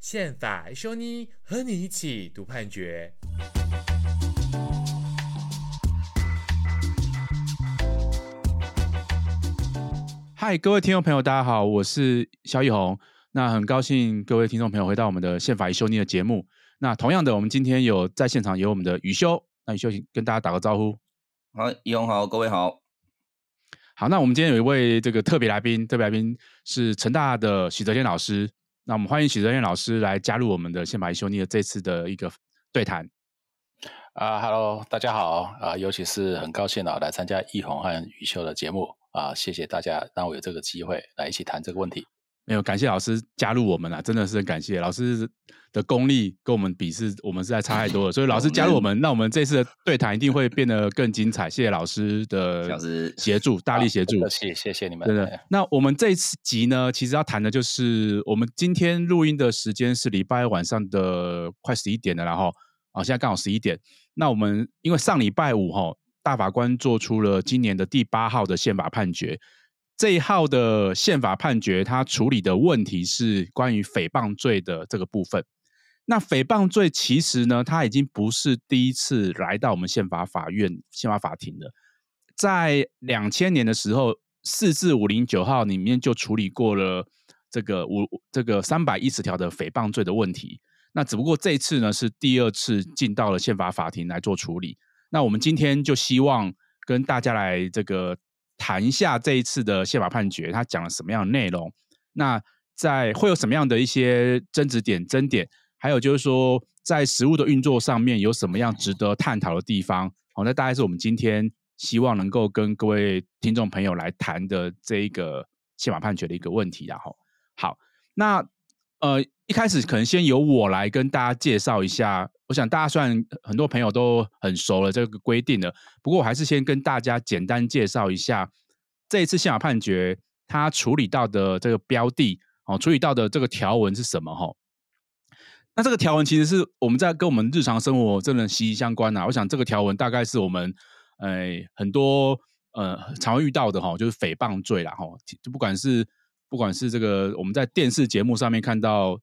憲法奕修你和你一起讀判決。嗨，各位聽眾朋友，大家好，我是蕭奕弘。那很高興各位聽眾朋友回到我們的憲法奕修你的節目。那同樣的，我們今天有在現場有我們的宇修。那宇修，請跟大家打個招呼。好，奕弘好，各位好。好，那我們今天有一位這個特別來賓，特別來賓是成大的許澤天老師。那我們歡迎許澤天老師來加入我們的憲法奕修你的這次的一個對談。啊哈嘍，大家好啊，uh, 尤其是很高興啊，uh, 興 uh, 來參加奕弘和宇修的節目啊，uh, 謝謝大家讓我有這個機會來一起談這個問題。沒有，感謝老師加入我們了，啊，真的是很感謝老師的功力跟我們比是，我們實在差太多了。所以老師加入我們， 那我們這次的對談一定會變得更精彩。謝謝老師的協助，時大力協助。謝謝謝你們，真的對。對那我們這一次集呢，其實要談的就是，我們今天錄音的時間是禮拜二晚上的快十一點了，然後啊，現在剛好十一點。那我們因為上禮拜五哈，哦，大法官做出了今年的第八號的憲法判決。這一號的憲法判決，它處理的問題是關於誹謗罪的這個部分。那誹謗罪其實呢，它已經不是第一次來到我們憲法法院、憲法法庭了。在兩千年的時候，釋字五零九號裡面就處理過了這個五這個三百一十條的誹謗罪的問題。那只不過這次呢，是第二次進到了憲法法庭來做處理。那我們今天就希望跟大家來這個。談一下這一次的憲法判決，它講了什麼樣的內容？那在會有什麼樣的一些爭執點、爭點？還有就是說，在實務的運作上面有什麼樣值得探討的地方？好、哦，那大概是我們今天希望能夠跟各位聽眾朋友來談的這一個憲法判決的一個問題。然後，好，那呃，一開始可能先由我來跟大家介紹一下。我想大家算很多朋友都很熟了這個規定了，不過我還是先跟大家簡單介紹一下。這一次憲法判決，它處理到的這個標的哦，處理到的這個條文是什麼？哈、哦，那這個條文其實是我們在跟我們日常生活真的息息相關吶、啊。我想這個條文大概是我們誒、哎、很多呃常會遇到的哈、哦，就是誹謗罪啦。哈、哦。就不管是不管是這個我們在電視節目上面看到，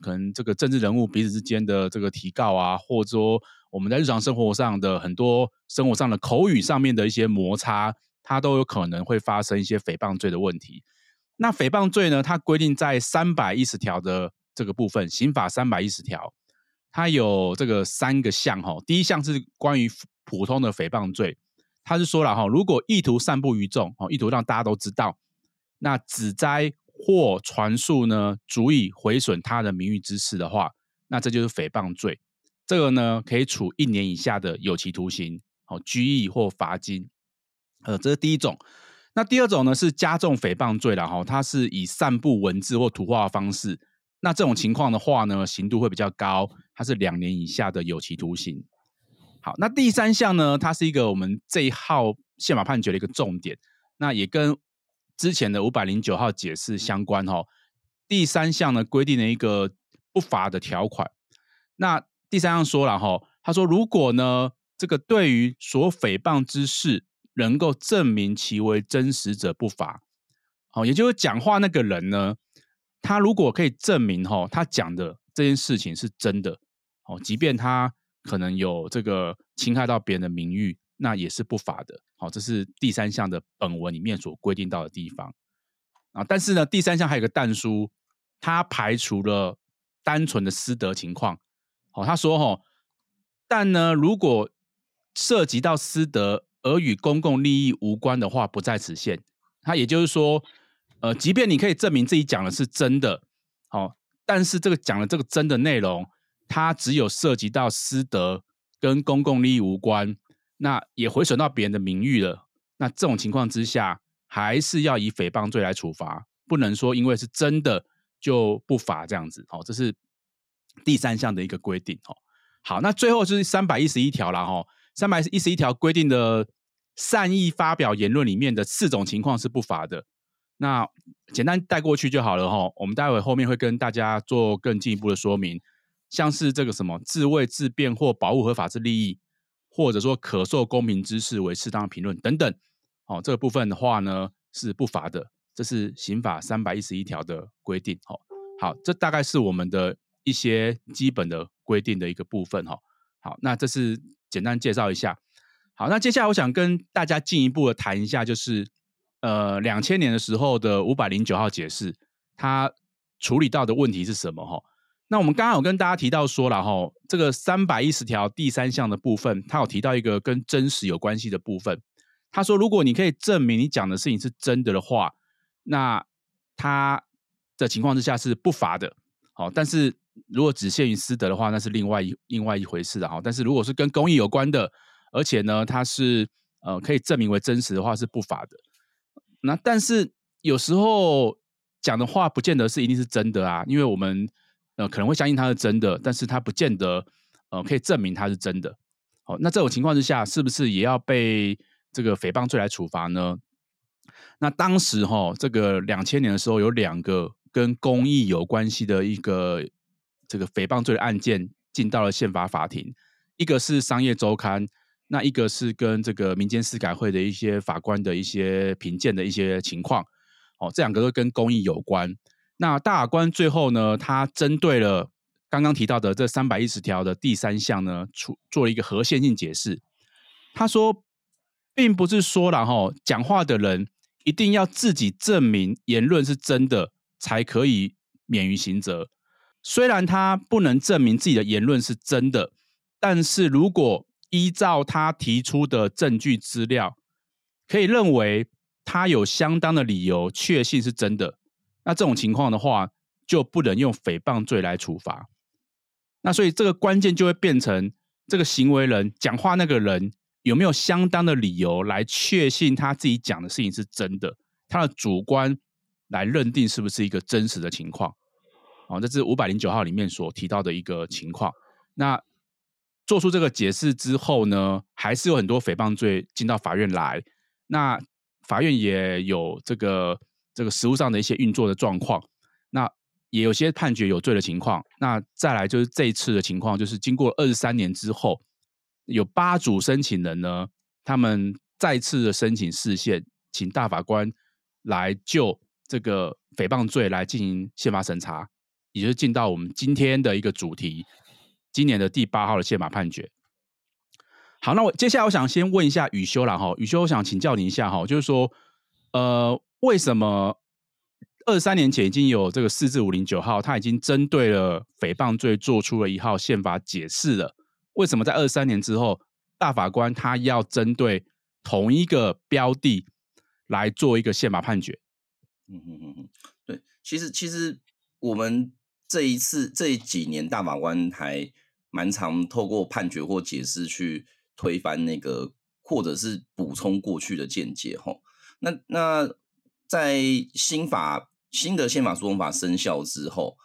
可能這個政治人物彼此之間的這個提告啊，或者說我們在日常生活上的很多生活上的口語上面的一些摩擦。它都有可能會發生一些誹謗罪的問題。那誹謗罪呢？它規定在三百一十條的這個部分，刑法三百一十條，它有這個三個項哈。第一項是關於普通的誹謗罪，它是說了哈，如果意圖散布於眾，哦，意圖讓大家都知道，那指摘或傳述呢，足以毀損他人名譽之事的話，那這就是誹謗罪。這個呢，可以處一年以下的有期徒刑、哦，拘役或罰金。呃，這是第一種。那第二種呢，是加重誹謗罪啦，哈。它是以散布文字或圖畫的方式，那這種情況的話呢，刑度會比較高，它是兩年以下的有期徒刑。好，那第三項呢，它是一個我們這一號憲法判決的一個重點，那也跟之前的五百零九號解釋相關哦。第三項呢規定了一個不罰的條款。那第三項說了哈，他說如果呢，這個對於所誹謗之事，能夠證明其為真實者不罰。哦，也就是講話那個人呢，他如果可以證明哈，他講的這件事情是真的，哦，即便他可能有這個侵害到別人的名譽，那也是不罰的，好，這是第三項的本文裡面所規定到的地方，啊，但是呢，第三項還有個但書，他排除了單純的私德情況，哦，他說哈，但呢，如果涉及到私德。而與公共利益無關的話不再，不在此限。它也就是說，呃，即便你可以證明自己講的是真的，好、哦，但是這個講了這個真的內容，它只有涉及到私德跟公共利益無關，那也毀損到別人的名譽了。那這種情況之下，還是要以誹謗罪來處罰，不能說因為是真的就不罰這樣子。哦，這是第三項的一個規定。哦，好，那最後就是三百一十一條了，哈、哦。三百一十一條規定的善意發表言論裡面的四種情況是不罰的，那簡單帶過去就好了哈。我們待會後面會跟大家做更進一步的說明，像是這個什麼自衛自辯或保護合法之利益，或者說可受公評之事為適當評論等等，哦，這個部分的話呢是不罰的，這是刑法三百一十一條的規定哦。好，這大概是我們的一些基本的規定的一個部分哈。好，那這是簡單介紹一下。好，那接下來我想跟大家進一步的談一下，就是呃，兩千年的時候的五百零九號解釋，它處理到的問題是什麼？哈，那我們剛剛有跟大家提到說了，哈，這個三百一十條第三項的部分，它有提到一個跟真實有關係的部分。他說，如果你可以證明你講的事情是真的的話，那他的情況之下是不罰的。好，但是。如果只限於私德的話，那是另外一另外一回事啊。但是如果是跟公益有關的，而且呢，它是呃可以證明為真實的話，是不法的。那但是有時候講的話，不見得是一定是真的啊。因為我們呃可能會相信它是真的，但是它不見得呃可以證明它是真的。好，哦，那這種情況之下，是不是也要被這個誹謗罪來處罰呢？那當時哈，哦，這個兩千年的時候，有兩個跟公益有關係的一個這個誹謗罪的案件進到了憲法法庭，一個是商業週刊，那一個是跟這個民間司改會的一些法官的一些評鑑的一些情況，哦，這兩個都跟公益有關。那大法官最後呢，他針對了剛剛提到的這三百一十條的第三項呢，出做了一個合憲性解釋。他說，並不是說了哈、哦，講話的人一定要自己證明言論是真的，才可以免於刑責。雖然他不能證明自己的言論是真的，但是如果依照他提出的證據資料，可以認為他有相當的理由確信是真的，那這種情況的話，就不能用誹謗罪來處罰。那所以這個關鍵就會變成這個行為人講話那個人有沒有相當的理由來確信他自己講的事情是真的，他的主觀來認定是不是一個真實的情況。哦，這是五百零九號裡面所提到的一個情況。嗯、那做出這個解釋之後呢，還是有很多誹謗罪進到法院來。那法院也有這個這個實務上的一些運作的狀況。那也有些判決有罪的情況。那再來就是這一次的情況，就是經過二十三年之後，有八組申請人呢，他們再次的申請釋憲，請大法官來就這個誹謗罪來進行憲法審查。也就是進到我們今天的一個主題，今年的第八號的憲法判決。好，那我接下來我想先問一下宇修啦，哈，宇修，我想請教您一下，哈，就是說，呃，為什麼二三年前已經有這個釋字五零九號，他已經針對了誹謗罪做出了一號憲法解釋了？為什麼在二三年之後，大法官他要針對同一個標的來做一個憲法判決？嗯嗯嗯嗯，對，其實其實我們。這一次這幾年，大法官還蠻常透過判決或解釋去推翻那個，或者是補充過去的見解。那那在新法新的憲法訴訟法生效之後，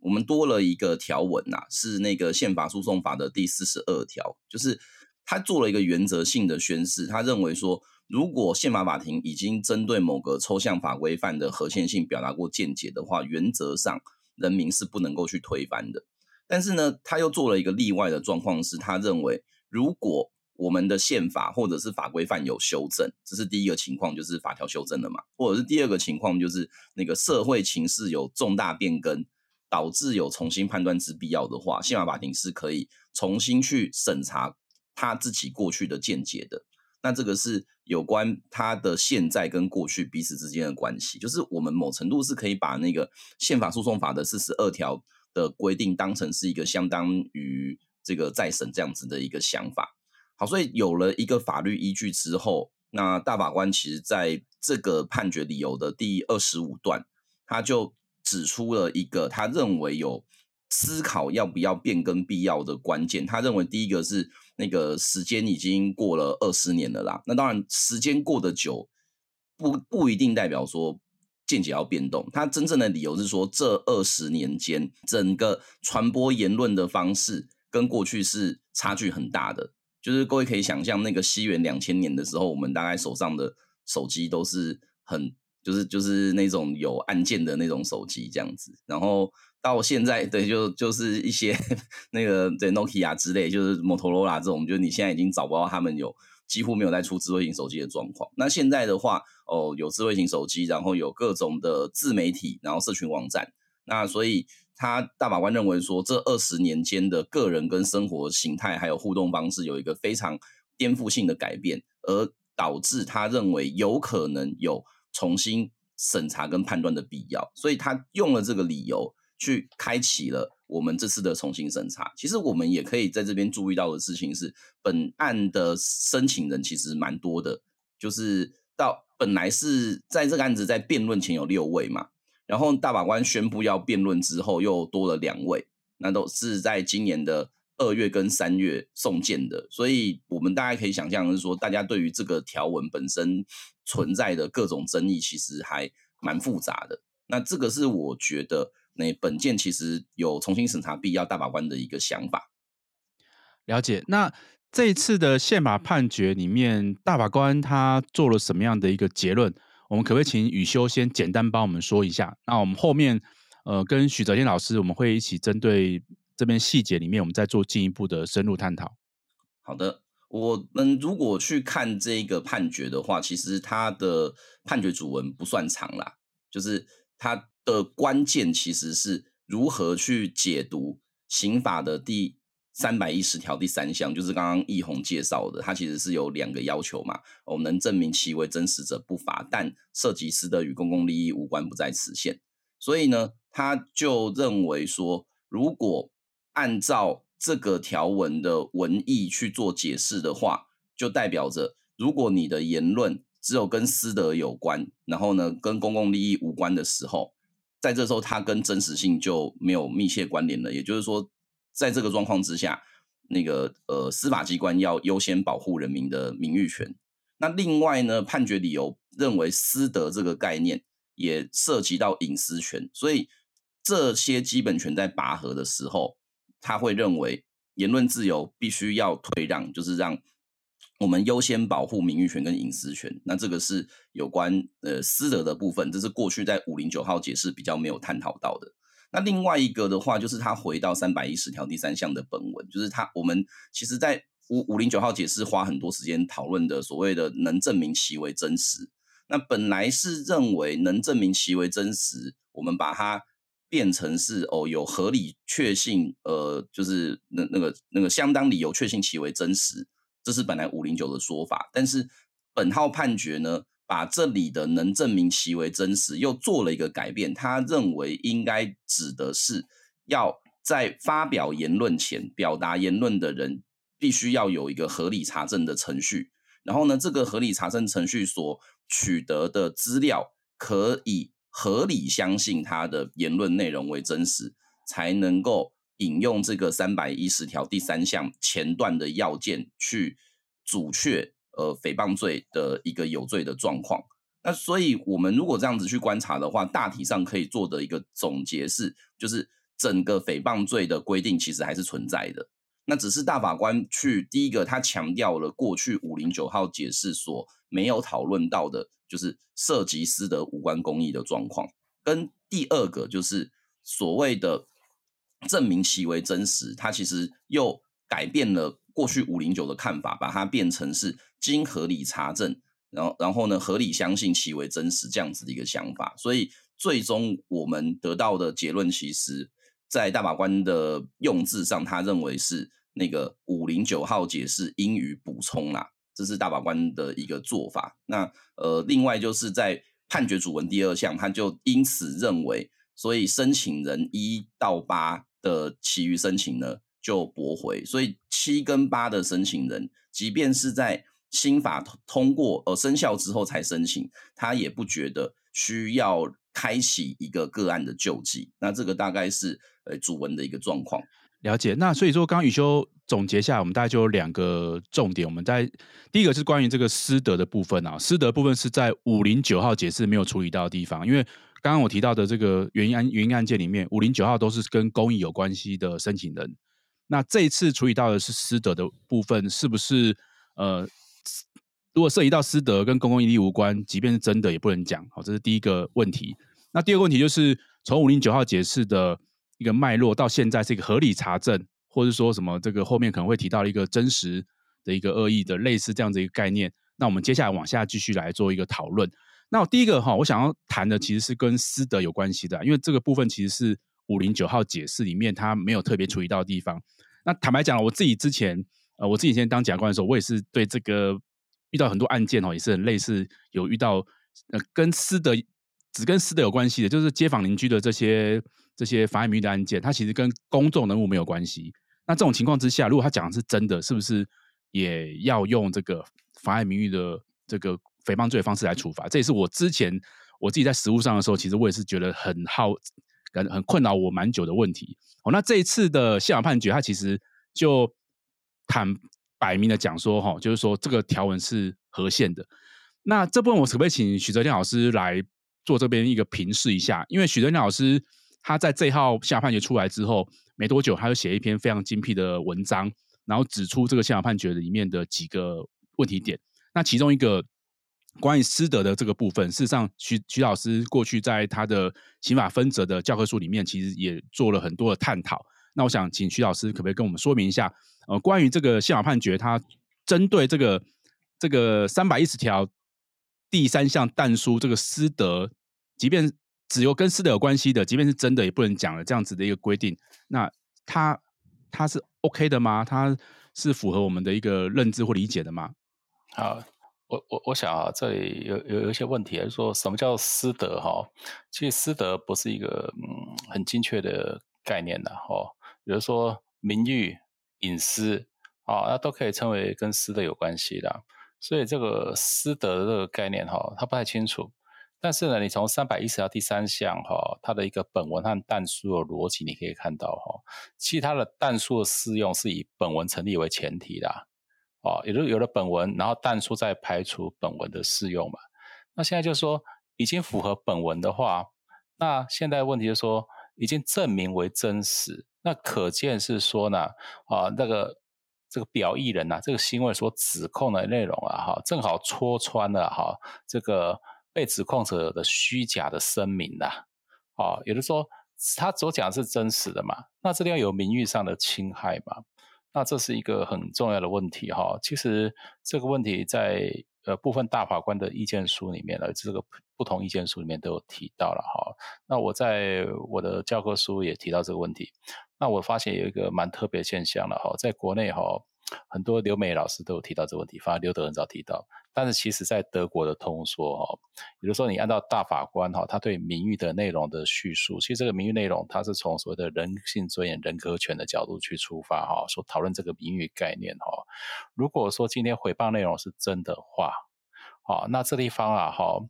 我們多了一個條文吶、啊，是那個憲法訴訟法的第四十二條，就是他做了一個原則性的宣示，他認為說，如果憲法法庭已經針對某個抽象法規範的合憲性表達過見解的話，原則上。人民是不能夠去推翻的，但是呢，他又做了一個例外的狀況是，是他認為如果我們的憲法或者是法規範有修正，這是第一個情況，就是法條修正了嘛，或者是第二個情況就是那個社會情勢有重大變更，導致有重新判斷之必要的話，憲法法庭是可以重新去審查他自己過去的見解的。那這個是有關他的現在跟過去彼此之間的關係，就是我們某程度是可以把那個憲法訴訟法的四十二條的規定當成是一個相當於這個再審這樣子的一個想法。好，所以有了一個法律依據之後，那大法官其實在這個判決理由的第二十五段，他就指出了一個他認為有思考要不要變更必要的關鍵。他認為第一個是。那個時間已經過了二十年了啦，那當然時間過得久，不不一定代表說見解要變動。他真正的理由是說，這二十年間，整個傳播言論的方式跟過去是差距很大的。就是各位可以想象，那個西元兩千年的時候，我們大概手上的手機都是很，就是就是那種有按鍵的那種手機這樣子，然後。到現在，對，就就是一些 那個對 Nokia 之類，就是 Motorola 這種，就是你現在已經找不到他們，有幾乎沒有再出智慧型手機的狀況。那現在的話，哦，有智慧型手機，然後有各種的自媒體，然後社群網站。那所以他大法官認為說，這二十年間的個人跟生活形態還有互動方式有一個非常顛覆性的改變，而導致他認為有可能有重新審查跟判斷的必要，所以他用了這個理由。去開啟了我們這次的重新審查。其實我們也可以在這邊注意到的事情是，本案的申請人其實蠻多的，就是到本來是在這個案子在辯論前有六位嘛，然後大法官宣布要辯論之後，又多了兩位，那都是在今年的二月跟三月送件的。所以我們大家可以想象是說，大家對於這個條文本身存在的各種爭議，其實還蠻複雜的。那這個是我覺得。那本件其實有重新審查必要，大法官的一個想法，了解。那這一次的憲法判決裡面，大法官他做了什麼樣的一個結論？我們可不可以請宇修先簡單幫我們說一下？那我們後面呃，跟許澤天老師，我們會一起針對這邊細節裡面，我們再做進一步的深入探討。好的，我們如果去看這一個判決的話，其實他的判決主文不算長啦，就是他。的關鍵其實是如何去解讀刑法的第三百一十條第三項，就是剛剛奕弘介紹的，它其實是有兩個要求嘛。我們能證明其為真實者不罰，但涉及私德與公共利益無關，不在此限。所以呢，他就認為說，如果按照這個條文的文意去做解釋的話，就代表着如果你的言論只有跟私德有關，然後呢，跟公共利益無關的時候。在這時候，它跟真實性就沒有密切關聯了。也就是說，在這個狀況之下，那個呃，司法機關要優先保護人民的名譽權。那另外呢，判決理由認為私德這個概念也涉及到隱私權，所以這些基本權在拔河的時候，他會認為言論自由必須要退讓，就是讓。我們優先保護名譽權跟隱私權，那這個是有關呃、私德的部分，這是過去在五零九號解釋比較沒有探討到的。那另外一個的話，就是他回到三百一十條第三項的本文，就是他我們其實在五五零九號解釋花很多時間討論的所謂的能證明其為真實，那本來是認為能證明其為真實，我們把它變成是哦有合理確信，呃，就是那那個那個相當理由確信其為真實。這是本來509的說法，但是本號判決呢，把這裡的能證明其為真實又做了一個改變。他認為應該指的是要在發表言論前，表達言論的人必須要有一個合理查證的程序。然後呢，這個合理查證程序所取得的資料，可以合理相信他的言論內容為真實，才能夠。引用這個三百一十條第三項前段的要件去阻卻，呃誹謗罪的一個有罪的狀況。那所以我們如果這樣子去觀察的話，大體上可以做的一個總結是，就是整個誹謗罪的規定其實還是存在的。那只是大法官去第一個他強調了過去五零九號解釋所沒有討論到的，就是涉及私德無關公益的狀況，跟第二個就是所謂的。證明其為真實，他其實又改變了過去五零九的看法，把它變成是經合理查證，然後然後呢，合理相信其為真實這樣子的一個想法。所以最終我們得到的結論，其實，在大法官的用字上，他認為是那個五零九號解釋應予補充啦，這是大法官的一個做法。那呃，另外就是在判決主文第二項，他就因此認為，所以申請人一到八。的其餘申請呢就駁回，所以七跟八的申請人，即便是在新法通過呃生效之後才申請，他也不覺得需要開啟一個個案的救濟。那這個大概是呃主文的一個狀況。了解。那所以說，剛剛宇修總結下，我們大概就有兩個重點。我們在第一個是關於這個私德的部分啊，私德部分是在五零九號解釋沒有處理到的地方，因為。剛剛我提到的這個原因案，原因案件裡面，五零九號都是跟公益有關係的申請人。那這一次處理到的是私德的部分，是不是？呃，如果涉及到私德跟公共利益無關，即便是真的也不能講。好，這是第一個問題。那第二個問題就是，從五零九號解釋的一個脈絡到現在是一個合理查證，或者說什麼這個後面可能會提到一個真實的一個惡意的類似這樣子一個概念。那我們接下來往下繼續來做一個討論。那我第一個哈，我想要談的其實是跟私德有關係的，因為這個部分其實是五零九號解釋裡面它沒有特別處理到的地方。那坦白講，我自己之前呃，我自己以前當檢察官的時候，我也是對這個遇到很多案件哦，也是很類似有遇到呃跟私德只跟私德有關係的，就是街坊鄰居的這些這些妨害名譽的案件，它其實跟公眾人物沒有關係。那這種情況之下，如果他講的是真的，是不是也要用這個妨害名譽的這個？誹謗罪的方式來處罰，這也是我之前我自己在實務上的時候，其實我也是覺得很好，很很困擾我蠻久的問題。哦，那這一次的憲法判決，它其實就坦白明的講說，哈、哦，就是說這個條文是合憲的。那這部分我可不可以請許澤天老師來做這邊一個評釋一下？因為許澤天老師他在這號憲法判決出來之後沒多久，他就寫一篇非常精闢的文章，然後指出這個憲法判決裡面的幾個問題點。那其中一個。關於私德的這個部分，事實上許，許許老師過去在他的刑法分則的教科書裡面，其實也做了很多的探討。那我想，請許老師可不可以跟我們說明一下？呃，關於這個憲法判決，它針對這個這個三百一十條第三項但書這個私德，即便只有跟私德有關係的，即便是真的也不能講了，這樣子的一個規定，那它它是 OK 的嗎？它是符合我們的一個認知或理解的嗎？好。我我我想啊，這裡有有有一些問題、啊，就是說什麼叫私德哈、啊？其實私德不是一個嗯很精確的概念的，啊、哈、哦。比如說名譽、隱私、哦、啊，那都可以稱為跟私德有關係的、啊。所以這個私德的這個概念哈、啊，它不太清楚。但是呢，你從三百一十條第三項哈、啊，它的一個本文和但書的邏輯，你可以看到哈、啊，其實它的但書的適用是以本文成立為前提的，啊。哦，也就有了本文，然後但書再排除本文的適用嘛。那現在就是說，已經符合本文的話，那現在問題就是說，已經證明為真實，那可見是說呢，啊、哦，那個這個表意人吶、啊，這個行為所指控的內容啊，哈，正好戳穿了哈、啊，這個被指控者的虛假的聲明吶、啊。哦，也就是說，他所講的是真實的嘛，那這地方有名譽上的侵害嘛。那這是一個很重要的問題哈，其實這個問題在呃部分大法官的意見書裡面呢，這個不同意見書裡面都有提到了哈。那我在我的教科書也提到這個問題。那我發現有一個蠻特別的現象了哈，在國內哈，很多留美老師都有提到這個問題，反而留德很少提到。但是，其實，在德國的通說哦，比如說你按照大法官哈，他對名譽的內容的敘述，其實這個名譽內容它是從所謂的人性尊嚴、人格權的角度去出發哈，說討論這個名譽概念哈。如果說今天誹謗內容是真的話，好，那這地方啊哈，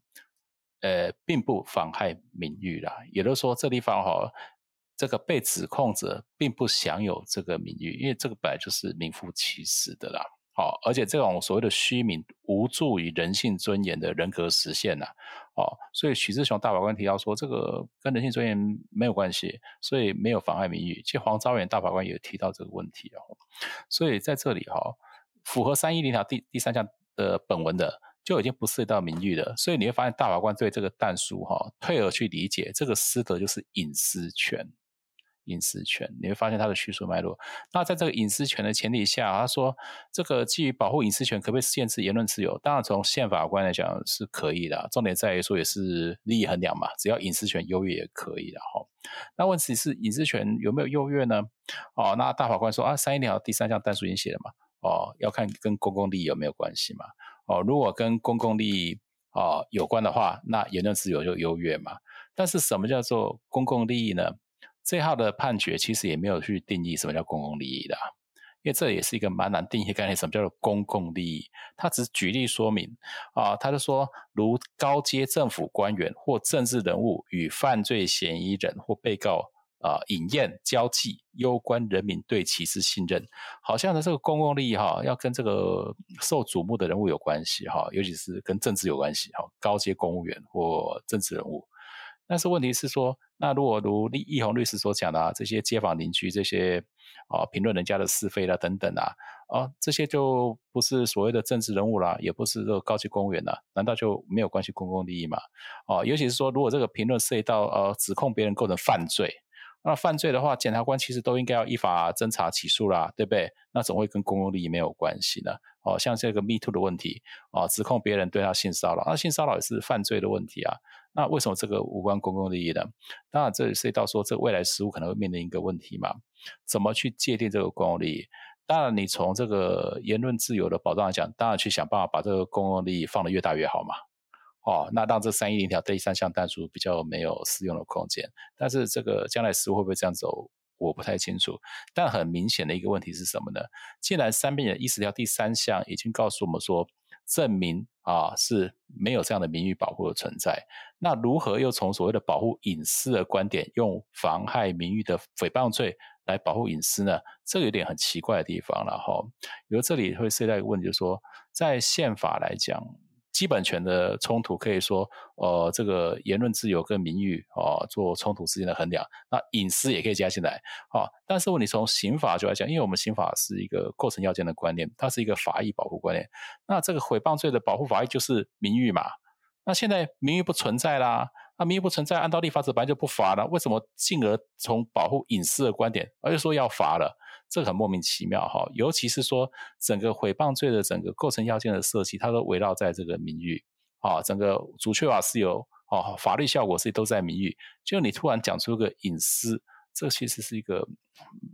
呃，並不妨害名譽啦。也就是說，這地方哈、啊，這個被指控者並不享有這個名譽，因為這個本來就是名副其實的啦。哦，而且這種所謂的虛名無助於人性尊嚴的人格實現吶、啊，哦，所以許志雄大法官提到說，這個跟人性尊嚴沒有關係，所以沒有妨礙名譽。其實黃昭元大法官也提到這個問題哦，所以在這裡哈、哦，符合三一零條第第三項的本文的，就已經不涉及到名譽了，所以你會發現大法官對這個但書哈，退而去理解這個私德就是隱私權。隱私權，你會發現它的敘述脈絡。那在這個隱私權的前提下，他說這個基於保護隱私權，可不可以限制言論自由？當然，從憲法官來講是可以的。重點在於說也是利益衡量嘛，只要隱私權優越也可以的哈。那問題是隱私權有沒有優越呢？哦，那大法官說啊，310條第三項但書已經寫了嘛。哦，要看跟公共利益有沒有關係嘛。哦，如果跟公共利益、哦、有關的話，那言論自由就優越嘛。但是什麼叫做公共利益呢？這一號的判決其實也沒有去定義什麼叫公共利益的，因為這也是一個蠻難定義的概念。什麼叫做公共利益？他只舉例說明啊，他就說，如高階政府官員或政治人物與犯罪嫌疑人或被告啊，飲宴交際，攸關人民對其之信任。好像呢，這個公共利益哈、啊，要跟這個受矚目的人物有關係哈，尤其是跟政治有關係哈，高階公務員或政治人物。但是問題是說，那如果如奕弘律師所講的啊，這些街坊鄰居這些啊評論人家的是非啦、啊、等等啊，啊、呃、這些就不是所謂的政治人物啦，也不是這個高級公務員啦，難道就沒有關係公共利益嗎？哦、呃，尤其是說如果這個評論涉及到呃指控別人構成犯罪，那犯罪的話，檢察官其實都應該要依法偵查起訴啦，對不對？那怎麼會跟公共利益沒有關係呢？哦、呃，像這個 Me Too 的問題啊、呃，指控別人對他性騷擾，那性騷擾也是犯罪的問題啊。那為什麼這個無關公共利益呢？當然，這裡涉及到說，這個、未來實務可能會面臨一個問題嘛，怎麼去界定這個公共利益？當然，你從這個言論自由的保障來講，當然去想辦法把這個公共利益放得越大越好嘛。哦，那讓這三一零條第三項但書比較沒有適用的空間。但是，這個將來實務會不會這樣走，我不太清楚。但很明顯的一個問題是什麼呢？既然三一的一十條第三項已經告訴我們說，證明啊是沒有這樣的名譽保護的存在。那如何又從所謂的保護隱私的觀點，用妨害名譽的誹謗罪來保護隱私呢？這個有點很奇怪的地方了哈。比、哦、如這裡會涉及到一個問題，就是說，在憲法來講，基本權的衝突，可以說，呃，這個言論自由跟名譽啊、哦、做衝突之間的衡量，那隱私也可以加進來啊、哦。但是問題從刑法就來講，因為我們刑法是一個構成要件的觀念，它是一個法益保護觀念。那這個誹謗罪的保護法益就是名譽嘛？那現在名譽不存在啦，那名譽不存在，按照立法者本來就不罰了，為什麼進而從保護隱私的觀點，而又說要罰了？這個很莫名其妙哈、哦，尤其是說整個誹謗罪的整個構成要件的設計，它都圍繞在這個名譽啊，整個阻卻違法事由啊，法律效果是都在名譽，就你突然講出個隱私。這其實是一個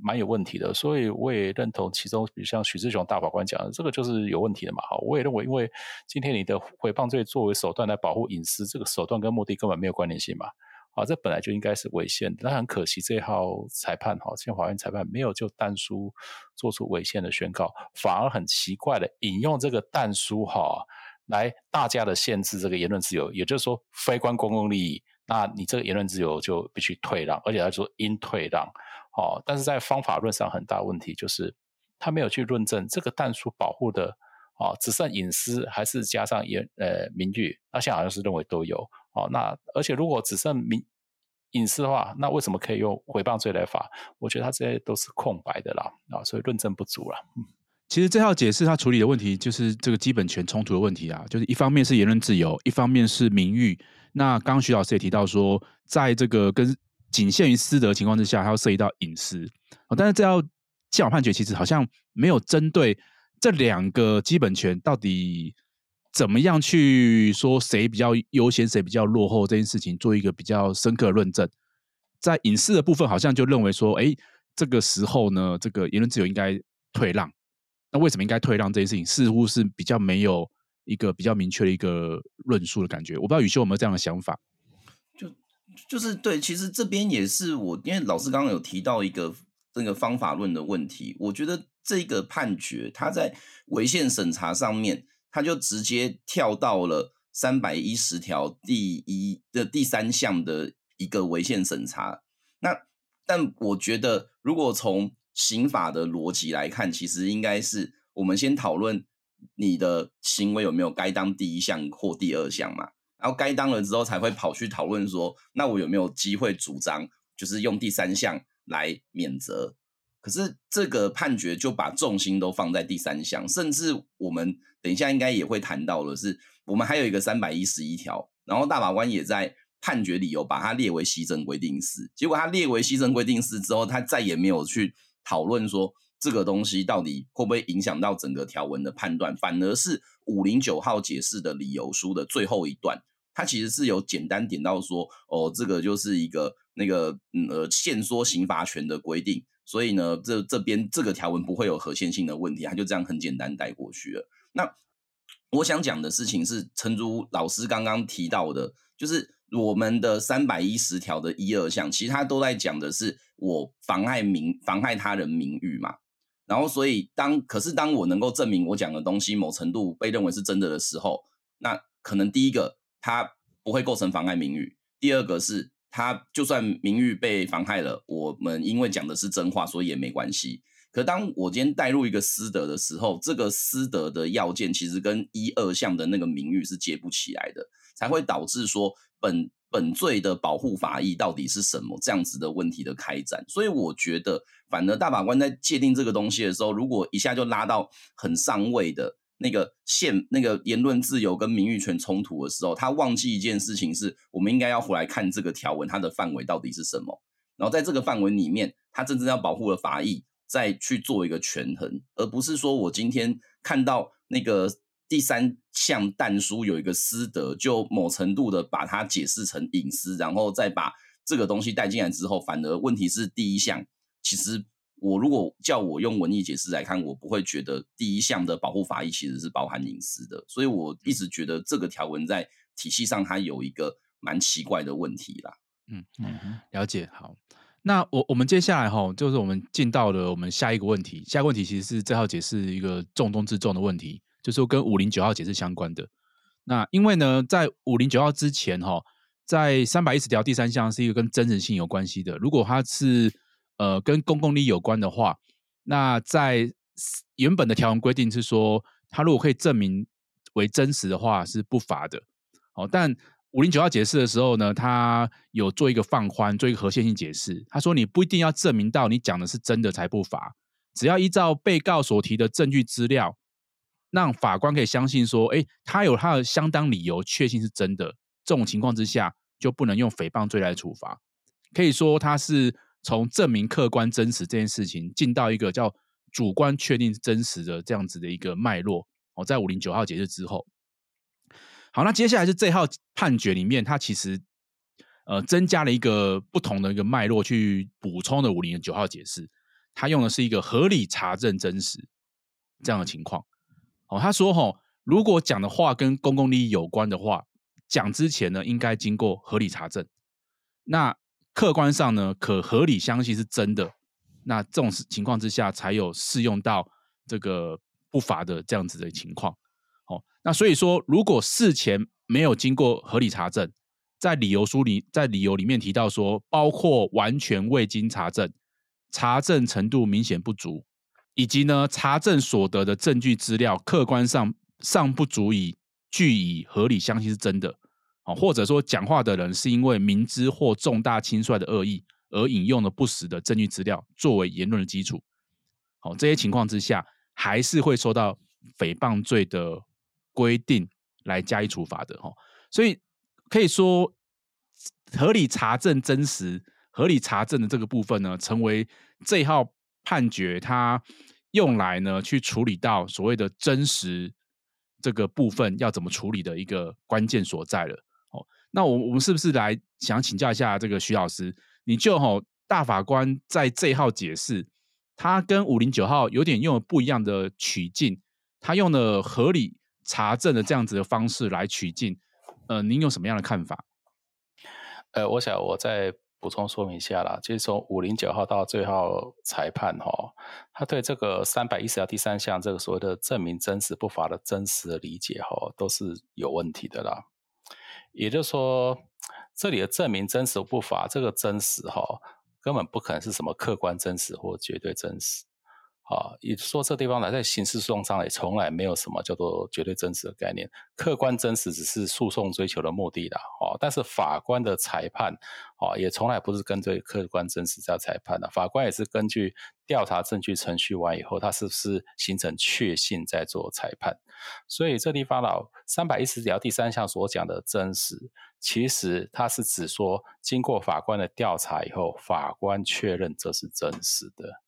蠻有問題的，所以我也認同其中，比如像許志雄大法官講的，這個就是有問題的嘛。好，我也認為，因為今天你的誹謗罪作為手段來保護隱私，這個手段跟目的根本沒有關聯性嘛。好、啊，這本來就應該是違憲的，但很可惜這一號裁判，啊、現在法院裁判沒有就但書做出違憲的宣告，反而很奇怪的引用這個但書哈、啊、來大加限制這個言論自由，也就是說，非關公共利益。那你這個言論自由就必須退讓，而且他說應退讓哦。但是在方法論上，很大的問題就是他沒有去論證這個但書保護的哦，只剩隱私還是加上言呃名譽？那現在好像是認為都有哦。那而且如果只剩名隱私的話，那為什麼可以用誹謗罪來罰？我覺得他這些都是空白的啦啊、哦，所以論證不足了。其實這套解釋他處理的問題就是這個基本權衝突的問題啊，就是一方面是言論自由，一方面是名譽。那剛，剛徐老師也提到說，在這個跟僅限於私德情況之下，還要涉及到隱私。哦，但是這要司法判決，其實好像沒有針對這兩個基本權到底怎麼樣去說誰比較優先，誰比較落後這件事情，做一個比較深刻的論證。在隱私的部分，好像就認為說，誒，這個時候呢，這個言論自由應該退讓。那為什麼應該退讓？這件事情似乎是比較沒有。一個比較明確的一個論述的感覺，我不知道宇修有沒有這樣的想法，就就是對，其實這邊也是我，因為老師剛剛有提到一個那、這個方法論的問題，我覺得這個判決它在違憲審查上面，它就直接跳到了三百一十條第一的第三項的一個違憲審查，那但我覺得如果從刑法的邏輯來看，其實應該是我們先討論。你的行為有沒有該當第一項或第二項嘛？然後該當了之後，才會跑去討論說，那我有沒有機會主張，就是用第三項來免責？可是這個判決就把重心都放在第三項，甚至我們等一下應該也會談到的是，我們還有一個三百一十一條，然後大法官也在判決理由把它列為系爭規定四，結果他列為系爭規定四之後，他再也沒有去討論說。這個東西到底會不會影響到整個條文的判斷？反而是五零九號解釋的理由書的最後一段，它其實是有簡單點到說，哦，這個就是一個那個嗯呃限縮刑罰權的規定，所以呢，這這邊這個條文不會有合憲性的問題，它就這樣很簡單帶過去了。那我想講的事情是，陳儒老師剛剛提到的，就是我們的三百一十條的一二項，其實他都在講的是我妨礙名妨礙他人名譽嘛。然後，所以當可是當我能夠證明我講的東西某程度被認為是真的的時候，那可能第一個它不會構成妨害名譽，第二個是它就算名譽被妨害了，我們因為講的是真話，所以也沒關係。可當我今天帶入一個私德的時候，這個私德的要件其實跟一二項的那個名譽是接不起來的，才會導致說本。本罪的保護法益到底是什麼？這樣子的問題的開展，所以我覺得，反而大法官在界定這個東西的時候，如果一下就拉到很上位的那個限，那個言論自由跟名譽權衝突的時候，他忘記一件事情，是我們應該要回來看這個條文它的範圍到底是什麼。然後在這個範圍裡面，他真正要保護的法益，再去做一個權衡，而不是說我今天看到那個。第三項但書有一個私德，就某程度的把它解釋成隱私，然後再把這個東西帶進來之後，反而問題是第一項。其實我如果叫我用文義解釋來看，我不會覺得第一項的保護法益其實是包含隱私的，所以我一直覺得這個條文在體系上它有一個蠻奇怪的問題啦。嗯嗯，嗯了解。好，那我我們接下來哈，就是我們進到了我們下一個問題。下一個問題其實是最後解釋一個重中之重的問題。就是說，跟五零九號解釋相關的。那因為呢，在五零九號之前，哦，哈，在三百一十條第三項是一個跟真實性有關係的。如果它是呃跟公共利益有關的話，那在原本的條文規定是說，他如果可以證明為真實的話，是不罰的。哦，但五零九號解釋的時候呢，他有做一個放寬，做一個合憲性解釋。他說，你不一定要證明到你講的是真的才不罰，只要依照被告所提的證據資料。讓法官可以相信說，哎，他有他的相當理由確信是真的。這種情況之下，就不能用誹謗罪來處罰。可以說，他是從證明客觀真實這件事情，進到一個叫主觀確定真實的這樣子的一個脈絡。哦，在五零九號解釋之後。好，那接下來是這號判決裡面，他其實呃增加了一個不同的一個脈絡去補充的五零九號解釋。他用的是一個合理查證真實這樣的情況。哦，他說、哦，吼，如果講的話跟公共利益有關的話，講之前呢，應該經過合理查證。那客觀上呢，可合理相信是真的。那這種情況之下，才有適用到這個不罰的這樣子的情況。哦，那所以說，如果事前沒有經過合理查證，在理由書裡，在理由裡面提到說，包括完全未經查證，查證程度明顯不足。以及呢，查證所得的證據資料，客觀上尚不足以據以合理相信是真的，哦，或者說講話的人是因為明知或重大輕率的惡意而引用了不實的證據資料作為言論的基礎，好，這些情況之下，還是會受到誹謗罪的規定來加以處罰的，哦，所以可以說，合理查證真實、合理查證的這個部分呢，成為這一號判決它。用來呢去處理到所謂的真實這個部分要怎麼處理的一個關鍵所在了。哦，那我我們是不是來想請教一下這個許老師？你就吼、哦，大法官在這號解釋，他跟五零九號有點用了不一樣的取徑，他用了合理查證的這樣子的方式來取徑。呃，您有什麼樣的看法？呃，我想我在。補充說明一下啦，就是從五零九號到最後裁判哈，他對這個三百一十條第三項這個所謂的證明真實不法的真實的理解哈，都是有問題的啦。也就是說，這裡的證明真實不法這個真實哈，根本不可能是什麼客觀真實或絕對真實。啊，也說這地方呢，在刑事訴訟上也從來沒有什麼叫做絕對真實的概念，客觀真實只是訴訟追求的目的的哦。但是法官的裁判，哦，也從來不是跟這個客觀真實在裁判的，法官也是根據調查證據程序完以後，他是不是形成確信在做裁判。所以這地方呢，三百一十條第三項所講的真實，其實它是指說，經過法官的調查以後，法官確認這是真實的。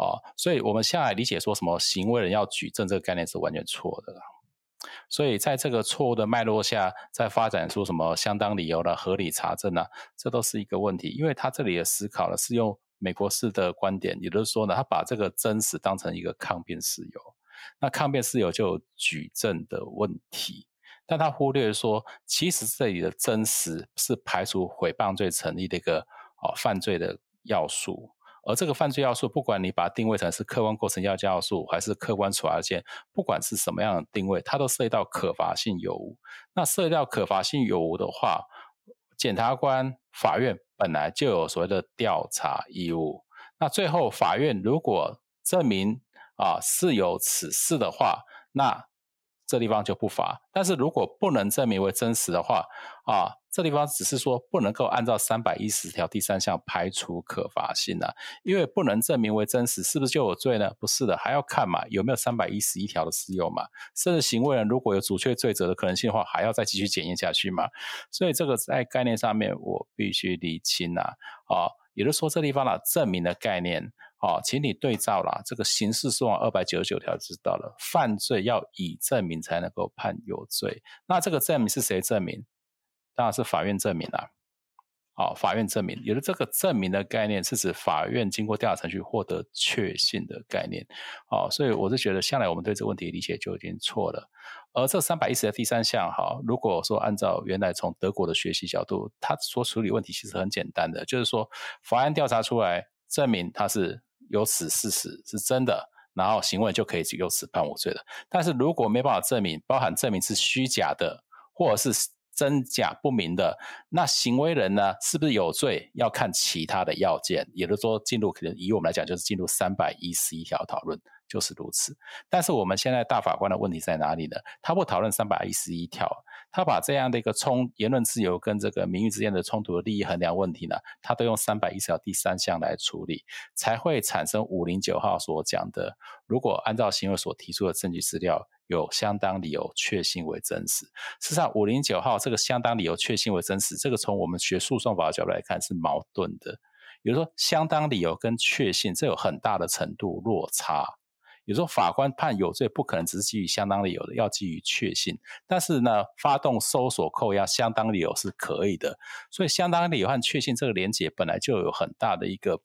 啊，所以我們現在理解說什麼行為人要舉證這個概念是完全錯的了。所以在這個錯誤的脈絡下，再發展出什麼相當理由的、啊、合理查證呢、啊？這都是一個問題。因為他這裡的思考呢，是用美國式的觀點，也就是說呢，他把這個真實當成一個抗辯事由，那抗辯事由就有舉證的問題。但他忽略說，其實這裡的真實是排除誹謗罪成立的一個哦犯罪的要素。而這個犯罪要素，不管你把它定位成是客觀構成要件要素，還是客觀處罰件，不管是什麼樣的定位，它都涉及到可罰性有無。那涉及到可罰性有無的話，檢察官、法院本來就有所謂的調查義務。那最後法院如果證明啊是有此事的話，那這地方就不罰。但是如果不能證明為真實的話，啊。這地方只是說不能夠按照三百一十條第三項排除可罰性啊，因為不能證明為真實，是不是就有罪呢？不是的，還要看嘛，有沒有三百一十一條的適用嘛？甚至行為人如果有阻卻罪責的可能性的話，還要再繼續檢驗下去嘛？所以這個在概念上面我必須釐清吶，啊、哦，也就是說這地方了證明的概念，啊，請你對照啦這個刑事訴訟二百九十九條知道了，犯罪要以證明才能夠判有罪，那這個證明是誰證明？當然是法院證明啦、啊，好、哦，法院證明有了這個證明的概念，是指法院經過調查程序獲得確信的概念。好、哦，所以我是覺得，向來我們對這個問題理解就已經錯了。而這三百一十的第三項，哈，如果說按照原來從德國的學習角度，他所處理問題其實很簡單的，就是說法院調查出來證明他是有此事實是真的，然後行為就可以去由此判無罪的。但是如果沒辦法證明，包含證明是虛假的，或者是。真假不明的，那行為人呢，是不是有罪，要看其他的要件，也就是說，進入可能以我們來講就是進入三百一十一條討論，就是如此。但是我們現在大法官的問題在哪裡呢？他會討論三百一十一條。他把這樣的一個衝言論自由跟這個名譽之間的衝突的利益衡量問題呢，他都用三百一十條第三項來處理，才會產生五零九號所講的，如果按照行為所提出的證據資料有相當理由確信為真實。事實上，五零九號這個相當理由確信為真實，這個從我們學訴訟法的角度來看是矛盾的。比如說，相當理由跟確信，這有很大的程度落差。有時候法官判有罪，不可能只是基於相當理由的，要基於確信。但是呢，發動搜索、扣押，相當理由是可以的。所以，相當理由和確信這個連結本來就有很大的一個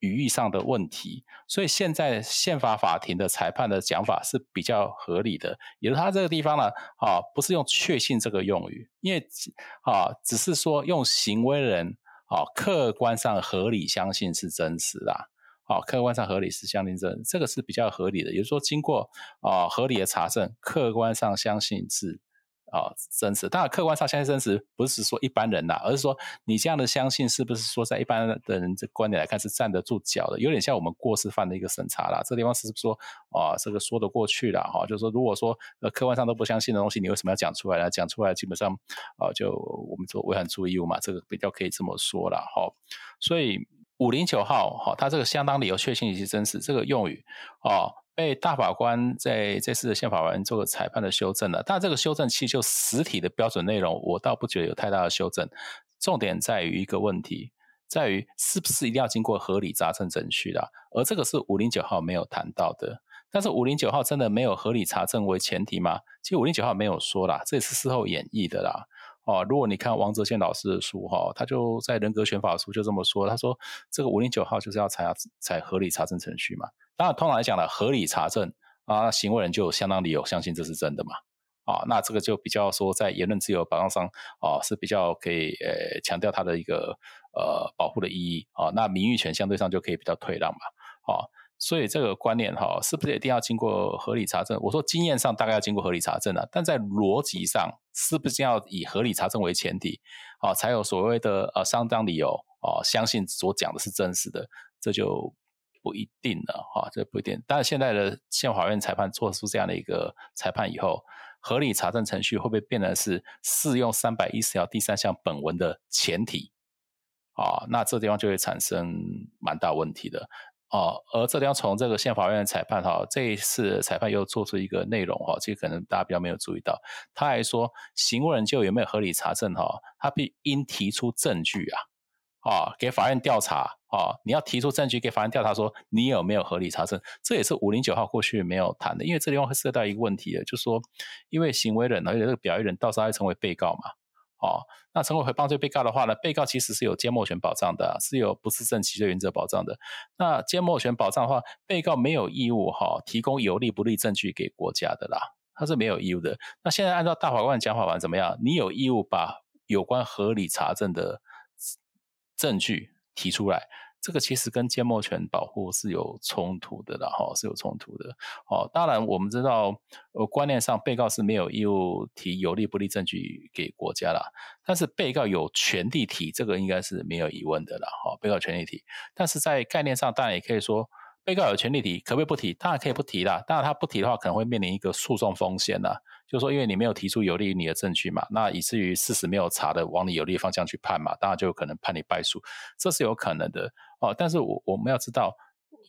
語義上的問題。所以，現在憲法法庭的裁判的講法是比較合理的。也就是他這個地方呢，啊、哦，不是用確信這個用語，因為啊、哦，只是說用行為人啊、哦，客觀上合理相信是真實的。好，客觀上合理是相信真，這個是比較合理的。也就是說，經過啊、呃、合理的查證，客觀上相信是啊、呃、真實。當然，客觀上相信真實，不是說一般人吶，而是說你這樣的相信，是不是說在一般的人的觀點來看是站得住腳的？有點像我們過失犯的一個審查啦。這個、地方是,不是說啊、呃，這個說得過去啦。哈。就是說，如果說呃客觀上都不相信的東西，你為什麼要講出來呢？講出來，基本上啊、呃，就我們說違反注意義務嘛，這個比較可以這麼說啦。哈，所以。五零九號，好，他這個相當理由確信以及真實，這個用語哦，被大法官在這次的憲法法庭做個裁判的修正了。但這個修正其實就實體的標準內容，我倒不覺得有太大的修正。重點在於一個問題，在於是不是一定要經過合理查證程序啦？而這個是五零九號沒有談到的。但是五零九號真的沒有合理查證為前提嗎？其實五零九號沒有說啦，這也是事後演繹的啦。啊、哦，如果你看王澤鑑老師的書，哈，他就在《人格權法》書就這麼說，他說這個五零九號就是要採採合理查證程序嘛。當然，通常來講呢，合理查證啊，那行為人就有相當理由相信這是真的嘛。啊，那這個就比較說在言論自由的保障上，啊，是比較可以呃強調他的一個呃保護的意義。啊，那名譽權相對上就可以比較退讓嘛。啊。所以這個觀念哈，是不是一定要經過合理查證？我說經驗上大概要經過合理查證的，但在邏輯上是不是要以合理查證為前提，啊，才有所謂的呃，相當理由啊，相信所講的是真實的，這就不一定了哈，這不一定。但是現在的憲法院裁判做出這樣的一個裁判以後，合理查證程序會不會變成是適用三百一十條第三項本文的前提？啊，那這地方就會產生蠻大問題的。哦，而這條從這個憲法院的裁判哈，這一次裁判又做出一個內容哈，這可能大家比較沒有注意到，他還說行為人就有沒有合理查證哈，他必應提出證據啊、啊、哦，給法院調查啊、哦，你要提出證據給法院調查說，說你有沒有合理查證，這也是五零九號過去沒有談的，因為這地方會涉及到一個問題的，就是說，因為行為人而且這個表意人到時候還會成為被告嘛。哦，那成為誹謗罪被告的話呢，被告其實是有緘默權保障的，啊，是有不自證其罪原則保障的。那緘默權保障的話，被告沒有義務哈，哦，提供有利不利證據給國家的啦，他是沒有義務的。那現在按照大法官講法完怎麼樣？你有義務把有關合理查證的證據提出來。這個其實跟緘默權保護是有衝突的啦，然後是有衝突的。好，當然我們知道，呃，觀念上被告是沒有義務提有利不利證據給國家啦，但是被告有權利提，這個應該是沒有疑問的了。好，被告有權利提，但是在概念上，當然也可以說，被告有權利提，可不可以不提？當然可以不提啦，當然他不提的話，可能會面臨一個訴訟風險啦。就是說因為你沒有提出有利於你的證據嘛，那以至於事實沒有查的往你有利的方向去判嘛，當然就可能判你敗訴，這是有可能的。哦，但是我我們要知道，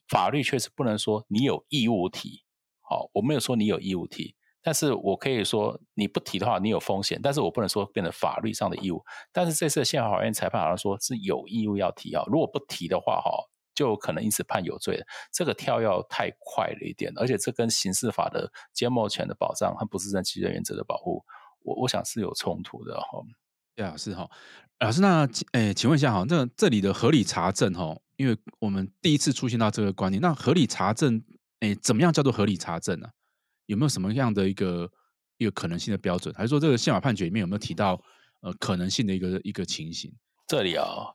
法律確實不能說你有義務提，好、哦，我沒有說你有義務提，但是我可以說你不提的話，你有風險，但是我不能說變成法律上的義務。但是這次的憲法法院裁判好像說是有義務要提哦，如果不提的話，哈、哦，就可能因此判有罪的。這個跳要太快了一點，而且這跟刑事法的緘默權的保障和不自證其罪原則的保護，我我想是有衝突的哈。葉老師哈。老師，那誒、欸，請問一下，好，這這裡的合理查證，哈，因為我們第一次出現到這個觀念，那合理查證，誒、欸，怎麼樣叫做合理查證呢、啊？有沒有什麼樣的一個一個可能性的標準？還是說這個憲法判決裡面有沒有提到，呃，可能性的一個一個情形？這裡啊、哦，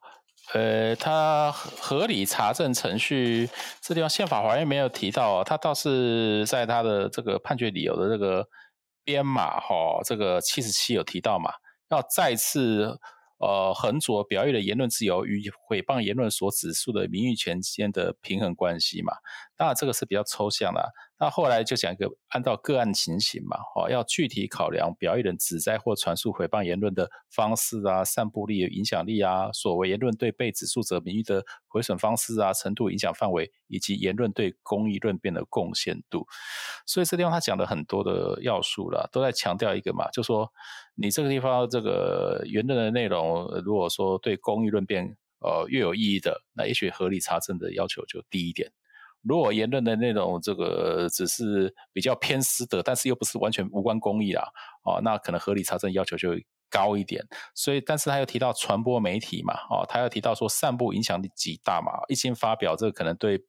呃、欸，他合理查證程序這地方，憲法法院沒有提到、哦，他倒是在他的這個判決理由的這個編碼，哈，這個七十七有提到嘛，要再次。呃，衡酌表意的言論自由與誹謗言論所指數的名譽權之間的平衡關係嘛，當然這個是比較抽象的。那後來就講一個，按照個案情形嘛，哦，要具體考量表意人指摘或傳述誹謗言論的方式啊，散布力、影響力啊，所謂言論對被指述者名譽的毀損方式啊，程度、影響範圍，以及言論對公益論辯的貢獻度。所以這地方他講的很多的要素啦，都在強調一個嘛，就說你這個地方這個言論的內容，如果說對公益論辯呃越有意義的，那也許合理查證的要求就低一點。如果言論的那種這個只是比較偏私德，但是又不是完全無關公益啦，哦，那可能合理查證要求就高一點。所以，但是他又提到傳播媒體嘛，哦，他又提到說散布影響力極大嘛，一經發表，這個可能對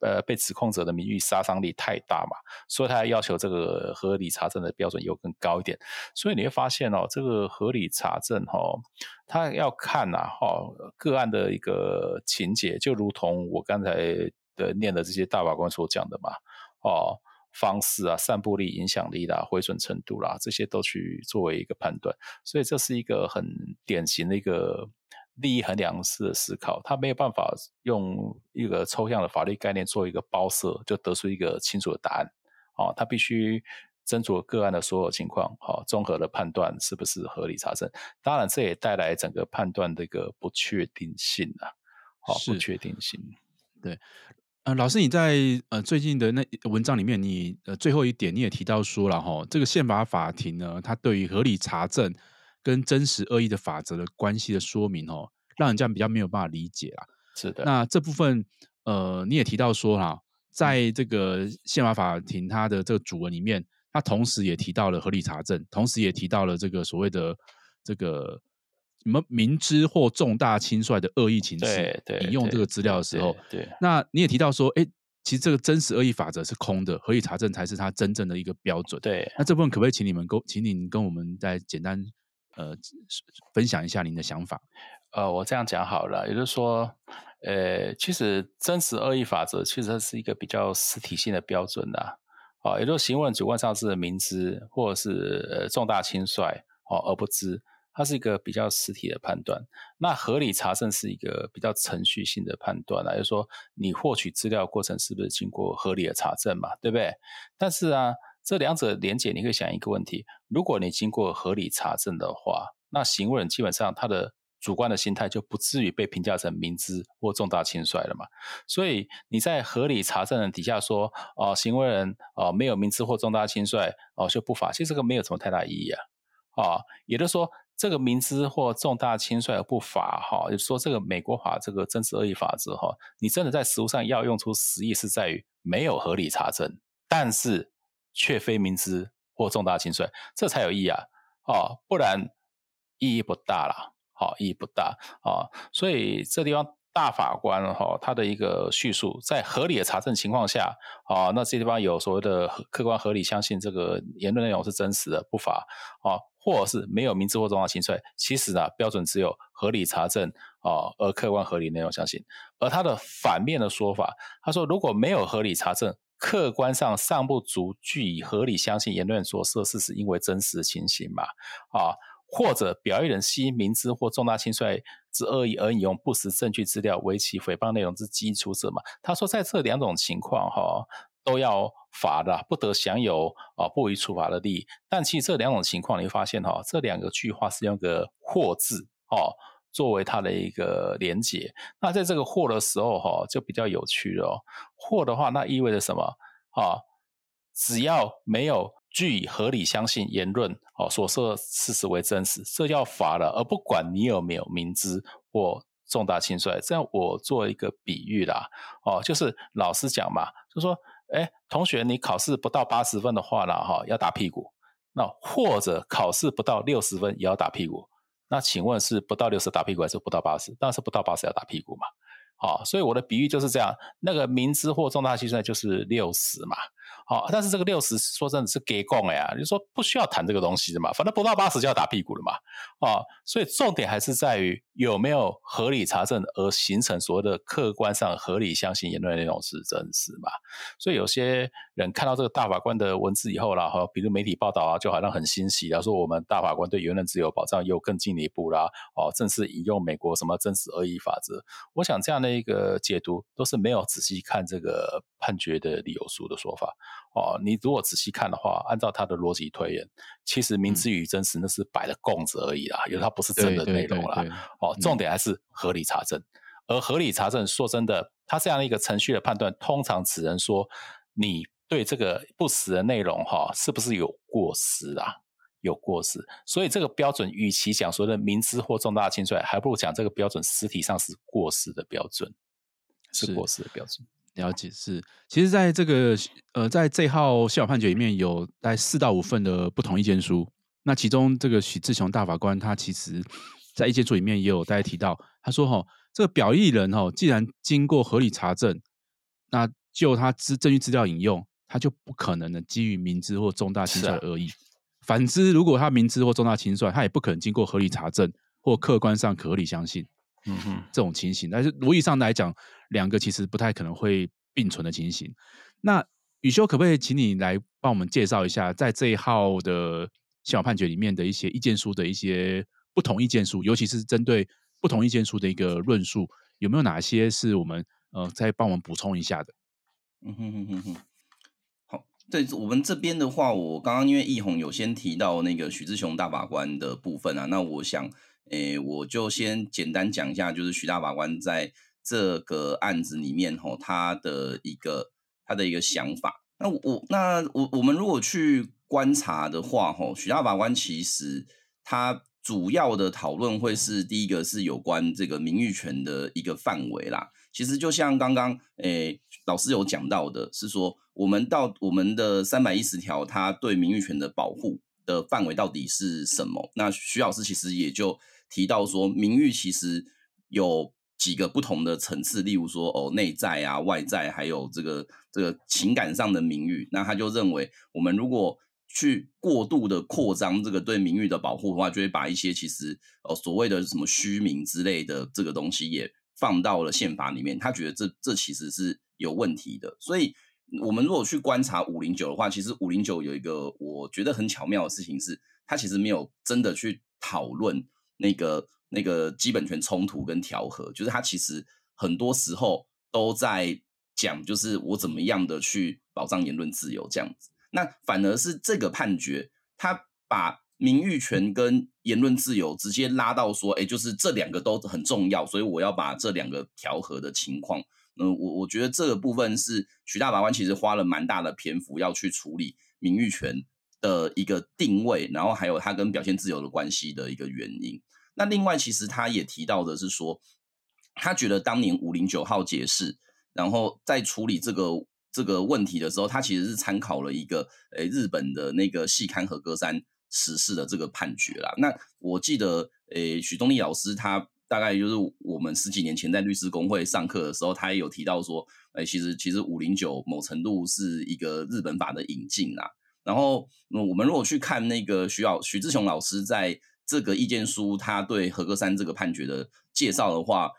呃被指控者的名譽殺傷力太大嘛，所以他要求這個合理查證的標準又更高一點。所以你會發現哦，這個合理查證哦，他要看吶、啊、哈、哦、個案的一個情節，就如同我剛才。對，念的這些大法官所講的嘛，哦，方式啊，散布力、影響力啦，毀損程度啦，這些都去作為一個判斷，所以這是一個很典型的一個利益衡量式的思考，他沒有辦法用一個抽象的法律概念做一個包攝，就得出一個清楚的答案。哦，他必須斟酌個案的所有情況，哦，綜合的判斷是不是合理查證？當然，這也帶來整個判斷的一個不確定性啊，好是、哦，不確定性，對。呃，老師，你在呃最近的那文章裡面你，你呃最後一點你也提到說了哈，這個憲法法庭呢，它對於合理查證跟真實惡意的法則的關係的說明哦，讓人家比較沒有辦法理解啦。是的。那這部分呃你也提到說啦，在這個憲法法庭它的這個主文裡面，它同時也提到了合理查證，同時也提到了這個所謂的這個。你們明知或重大輕率的惡意情事，對引用這個資料的時候，對對，那你也提到說誒，其實這個真實惡意法則，是空的，合理查證才是它真正的一個標準？對，那這部分可不可以請你們跟，請你跟我們再簡單呃分享一下您的想法？呃，我這樣講好了，也就是說，呃，其實真實惡意法則，其實是一個比較實體性的標準的、啊，啊、呃，也就是行為人主觀上是明知或者是、呃、重大輕率哦、呃、而不知。它是一個比較實體的判斷，那合理查證是一個比較程序性的判斷啦、啊，也就是說你獲取資料過程是不是經過合理的查證嘛，對不對？但是啊，這兩者連結，你可以想一個問題：如果你經過合理查證的話，那行為人基本上他的主觀的心態就不至於被評價成明知或重大輕率了嘛。所以你在合理查證的底下說，哦、呃，行為人哦、呃、沒有明知或重大輕率哦就不罰，其實這個沒有什麼太大意義啊。啊、哦，也就是說。這個明知或重大輕率而不法，哈，就說這個美國法這個真實惡意法則，哈，你真的在實務上要用出實意，是在於沒有合理查證，但是卻非明知或重大輕率，這才有意義啊，哦，不然意義不大了，好，意義不大啊，所以這地方大法官哈，他的一個敘述，在合理的查證情況下啊，那這些地方有所謂的客觀合理相信這個言論內容是真實的不法，啊。或是沒有明知或重大輕率，其實啊標準只有合理查證啊，而、呃、客觀合理內容相信。而他的反面的說法，他說如果沒有合理查證，客觀上尚不足據以合理相信言論所涉事實，因為真實情形嘛啊、呃，或者表意人係明知或重大輕率之惡意而引用不實證據資料，為其誹謗內容之基礎者嘛。他說在這兩種情況哈。都要罰的，不得享有啊不予處罰的利益。但其實這兩種情況，你會發現哈、啊，這兩個句話是用個“或”字哦、啊，作為它的一個連接。那在這個“或”的時候哈、啊，就比較有趣了、哦。或的話，那意味着什麼啊？只要沒有據合理相信言論哦、啊、所涉事實為真實，這要罰的，而不管你有沒有明知或重大輕率。這樣我做一個比喻啦，哦、啊，就是老實講嘛，就說。哎，同學，你考試不到八十分的話啦，哈，要打屁股；那或者考試不到六十分，也要打屁股。那請問是不到六十打屁股，還是不到八十？當然是不到八十要打屁股嘛。好、哦，所以我的比喻就是這樣，那個明知或重大輕率就是六十嘛。好、哦，但是這個六十說真的，是的、啊，是給供的呀，就是說不需要談這個東西的嘛，反正不到八十就要打屁股了嘛，哦，所以重點還是在於有沒有合理查證而形成所謂的客觀上合理相信言論內容是真實嘛，所以有些人看到這個大法官的文字以後啦，哦，比如媒體報道啊，就好像很欣喜，然後說我們大法官對言論自由保障又更進一步啦，哦，正式引用美國什麼真實惡意法則，我想這樣的一個解讀都是沒有仔細看這個判決的理由書的說法。哦，你如果仔細看的話，按照他的邏輯推演，其實明知與真實那是擺的供詞而已啦，因為、嗯、它不是真的內容啦。嗯、哦，重點還是合理查證，嗯、而合理查證說真的，他這樣一個程序的判斷，通常只能說你對這個不實的內容哈、哦，是不是有過失啊？有過失，所以這個標準，與其講說的明知或重大輕率，還不如講這個標準實體上是過失的標準，是，是過失的標準。了解是，其實在這個呃，在這一號憲法判決裡面，有大概四到五份的不同意見書。那其中這個許志雄大法官他其實，在意見書裡面也有大家提到，他說：“哈，這個表意人哦，既然經過合理查證，那就他資證據資料引用，他就不可能的基於明知或重大輕率而已。是反之，如果他明知或重大輕率，他也不可能經過合理查證或客觀上可合理相信。嗯哼，這種情形，但是邏輯上來講。”兩個其實不太可能會並存的情形。那宇修，可不可以請你來幫我們介紹一下，在這一號的憲法判決裡面的一些意見書的一些不同意見書，尤其是針對不同意見書的一個論述，有沒有哪些是我們呃再幫我們補充一下的？嗯哼哼哼哼。好，對我們這邊的話，我剛剛因為奕弘有先提到那個許志雄大法官的部分啊，那我想，誒、欸，我就先簡單講一下，就是許大法官在。這個案子裡面吼、哦，他的一個他的一個想法。那我那我我們如果去觀察的話吼、哦，許大法官其實他主要的討論會是第一個是有關這個名譽權的一個範圍啦。其實就像剛剛誒老師有講到的，是說我們到我們的三百一十條，他對名譽權的保護的範圍到底是什麼？那許老師其實也就提到說，名譽其實有。幾個不同的層次，例如說哦，內在啊、外在，還有這個這個情感上的名譽，那他就認為，我們如果去過度的擴張這個對名譽的保護的話，就會把一些其實哦所謂的什麼虛名之類的這個東西也放到了憲法裡面。他覺得這這其實是有問題的。所以，我們如果去觀察五零九的話，其實五零九有一個我覺得很巧妙的事情是，他其實沒有真的去討論那個。那個基本權衝突跟調和，就是他其實很多時候都在講，就是我怎麼樣的去保障言論自由這樣子。那反而是這個判決，他把名譽權跟言論自由直接拉到說，哎，就是這兩個都很重要，所以我要把這兩個調和的情況。嗯，我我覺得這個部分是許大法官其實花了蠻大的篇幅要去處理名譽權的一個定位，然後還有它跟表現自由的關係的一個原因。那另外，其實他也提到的是說，他覺得當年五零九號解釋，然後在處理這個這個問題的時候，他其實是參考了一個誒日本的那個夕刊和歌山時事的這個判決啦。那我記得誒許宗力老師他大概就是我們十幾年前在律師公會上課的時候，他也有提到說，誒其實其實五零九某程度是一個日本法的引進啦。然後、嗯、我們如果去看那個許老許志雄老師在。這個意見書，他對合戈三這個判決的介紹的話，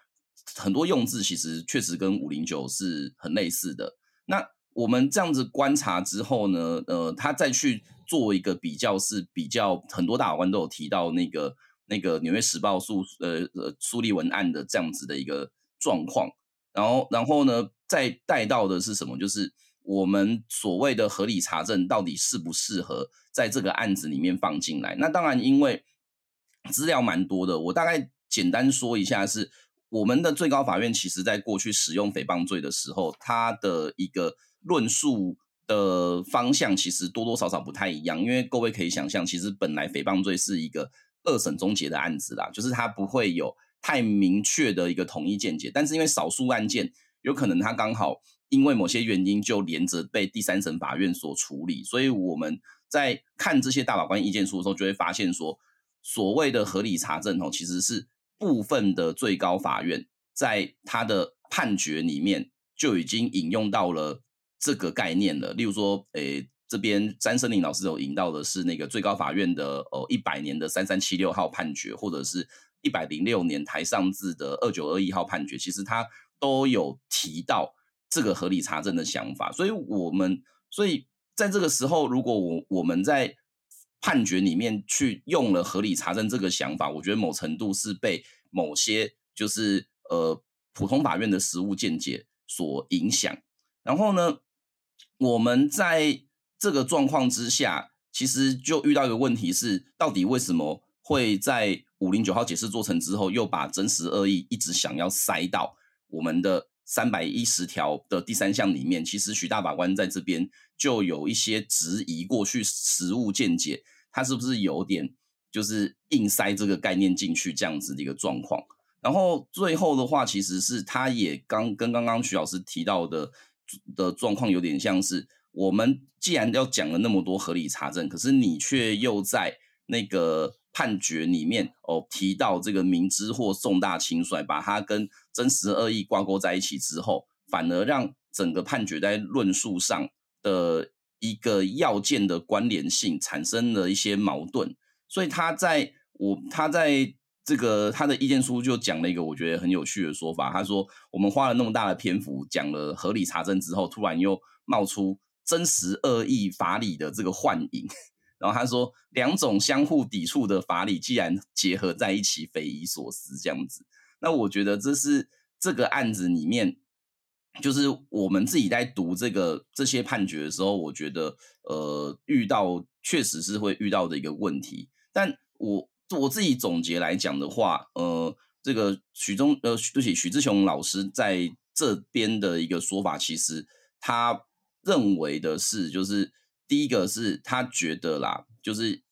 很多用字其實確實跟五零九是很類似的。那我們這樣子觀察之後呢，呃，他再去做一個比較，是比較很多大法官都有提到那個那個紐約時報訴呃呃蘇立文案的這樣子的一個狀況。然後，然後呢，再帶到的是什麼？就是我們所謂的合理查證到底適不適合在這個案子裡面放進來？那當然，因為資料蠻多的，我大概簡單說一下是，是我們的最高法院其實在過去使用誹謗罪的時候，它的一個論述的方向其實多多少少不太一樣，因為各位可以想象，其實本來誹謗罪是一個二審終結的案子啦，就是它不會有太明確的一個統一見解，但是因為少數案件有可能它剛好因為某些原因就連着被第三審法院所處理，所以我們在看這些大法官意見書的時候，就會發現說，所謂的合理查證哦，其實是部分的最高法院在他的判決裡面就已經引用到了這個概念了。例如說，誒、欸，這邊詹森林老師有引到的是那個最高法院的哦一百年的三三七六號判決，或者是一百零六年台上字的二九二一號判決，其實他都有提到這個合理查證的想法。所以我們，所以在這個時候，如果我我們在判決裡面去用了合理查證這個想法，我覺得某程度是被某些就是呃普通法院的實務見解所影響。然後呢，我們在這個狀況之下，其實就遇到一個問題是，到底為什麼會在五零九號解釋做成之後，又把真實惡意一直想要塞到我們的？三百一十條的第三項裡面，其實許大法官在這邊就有一些質疑過去實務見解，他是不是有點就是硬塞這個概念進去這樣子的一個狀況？然後最後的話，其實是他也剛跟剛剛許老師提到的的狀況有點像是，我們既然要講了那麼多合理查證，可是你卻又在那個。判決裡面哦提到這個明知或重大輕率，把它跟真實惡意掛鈎在一起之後，反而讓整個判決在論述上的一個要件的關聯性產生了一些矛盾。所以他在我他在這個他的意見書就講了一個我覺得很有趣的說法，他說我們花了那麼大的篇幅講了合理查證之後，突然又冒出真實惡意法理的這個幻影。然後他說，兩種相互抵觸的法理既然結合在一起，匪夷所思這樣子。那我覺得這是這個案子裡面，就是我們自己在讀這個這些判決的時候，我覺得呃，遇到確實是會遇到的一個問題。但我我自己總結來講的話，呃，這個許中呃，對不起，許志雄老師在這邊的一個說法，其實他認為的是就是。第一個是他覺得啦，就是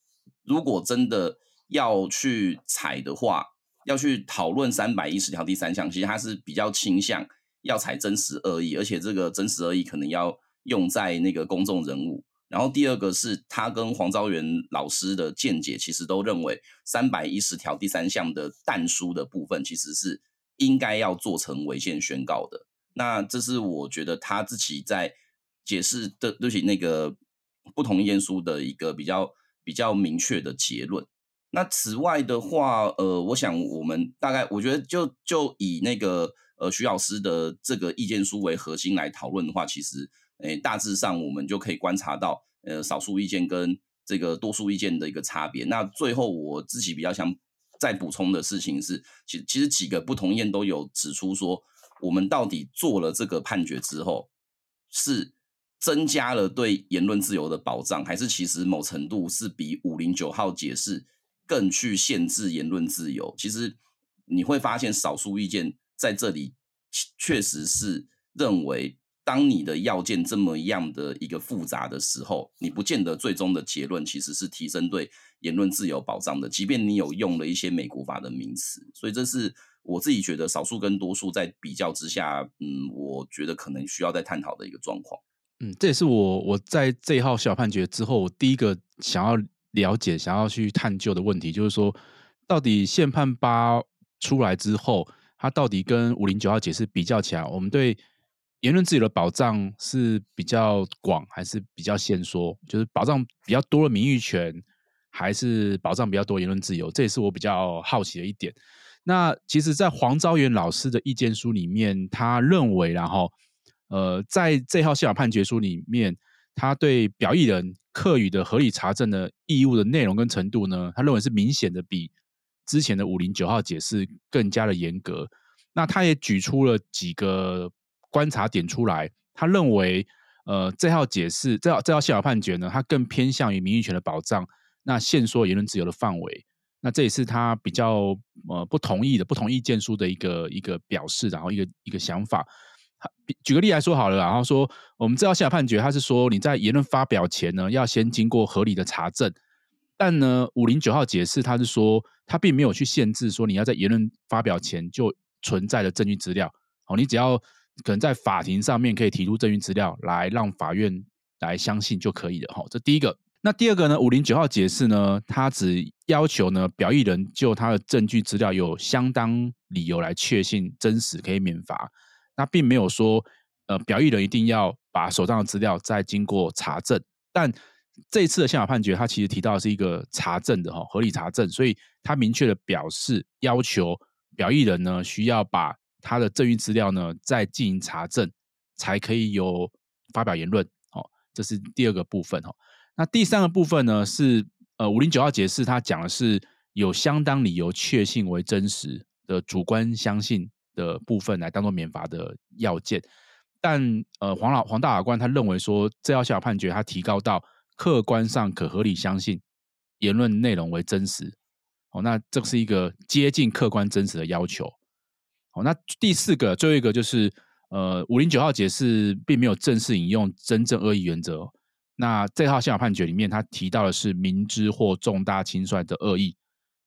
如果真的要去採的話，要去討論三百一十條第三項，其實他是比較傾向要採真實惡意，而且這個真實惡意可能要用在那個公眾人物。然後第二個是他跟黃昭元老師的見解，其實都認為三百一十條第三項的但書的部分，其實是應該要做成違憲宣告的。那這是我覺得他自己在解釋的，對不起，那個。不同意見書的一個比較比較明確的結論。那此外的話，呃，我想我們大概我覺得就就以那個呃許老師的這個意見書為核心來討論的話，其實誒、呃、大致上，我們就可以觀察到呃少數意見跟這個多數意見的一個差別。那最後我自己比較想再補充的事情是，其實其實幾個不同意見都有指出說，我們到底做了這個判決之後是。增加了對言論自由的保障，還是其實某程度是比五零九號解釋更去限制言論自由？其實你會發現，少數意見在這裡確實是認為，當你的要件這麼一樣的一個複雜的時候，你不見得最終的結論其實是提升對言論自由保障的，即便你有用了一些美國法的名詞。所以，這是我自己覺得少數跟多數在比較之下，嗯，我覺得可能需要再探討的一個狀況。嗯，這也是我我在這一號小、小判決之後，我第一個想要了解、想要去探究的問題，就是說，到底憲判八出來之後，它到底跟五零九號解釋比較起來，我們對言論自由的保障是比較廣，還是比較限縮？就是保障比較多的名譽權，還是保障比較多言論自由？這也是我比較好奇的一點。那其實，在黃昭元老師的意見書裡面，他認為，然後。呃，在這號憲法判決書裡面，他對表意人課予的合理查證的義務的內容跟程度呢，他認為是明顯的比之前的五零九號解釋更加的嚴格。那他也舉出了幾個觀察點出來，他認為，呃，這號解釋這這號憲法判決呢，它更偏向於名譽權的保障，那限縮言論自由的範圍。那這也是他比較呃不同意的不同意見書的一個一個表示，然後一個一個想法。舉個例來說好了，然後說我們知道下判決，他是說你在言論發表前呢，要先經過合理的查證。但呢，五零九號解釋他是說，他並沒有去限制說你要在言論發表前就存在的證據資料。哦，你只要可能在法庭上面可以提出證據資料來讓法院來相信就可以了。哈，這第一個。那第二個呢？五零九號解釋呢，他只要求呢，表意人就他的證據資料有相當理由來確信真實，可以免罰。那並沒有說，呃，表意人一定要把手上的資料再經過查證，但這一次的憲法判決，它其實提到的是一個查證的哈、哦，合理查證，所以它明確的表示要求表意人呢，需要把他的證據資料呢再進行查證，才可以有發表言論，哦，這是第二個部分哦。那第三個部分呢，是呃五零九號解釋，它講的是有相當理由確信為真實的主觀相信，的部分來當做免罰的要件，但呃，黃老黃大法官他認為說這套憲法判決他提高到客觀上可合理相信言論內容為真實，哦，那這是一個接近客觀真實的要求。哦，那第四個最後一個就是呃，五零九號解釋並沒有正式引用真正惡意原則，那這套憲法判決裡面他提到的是明知或重大輕率的惡意。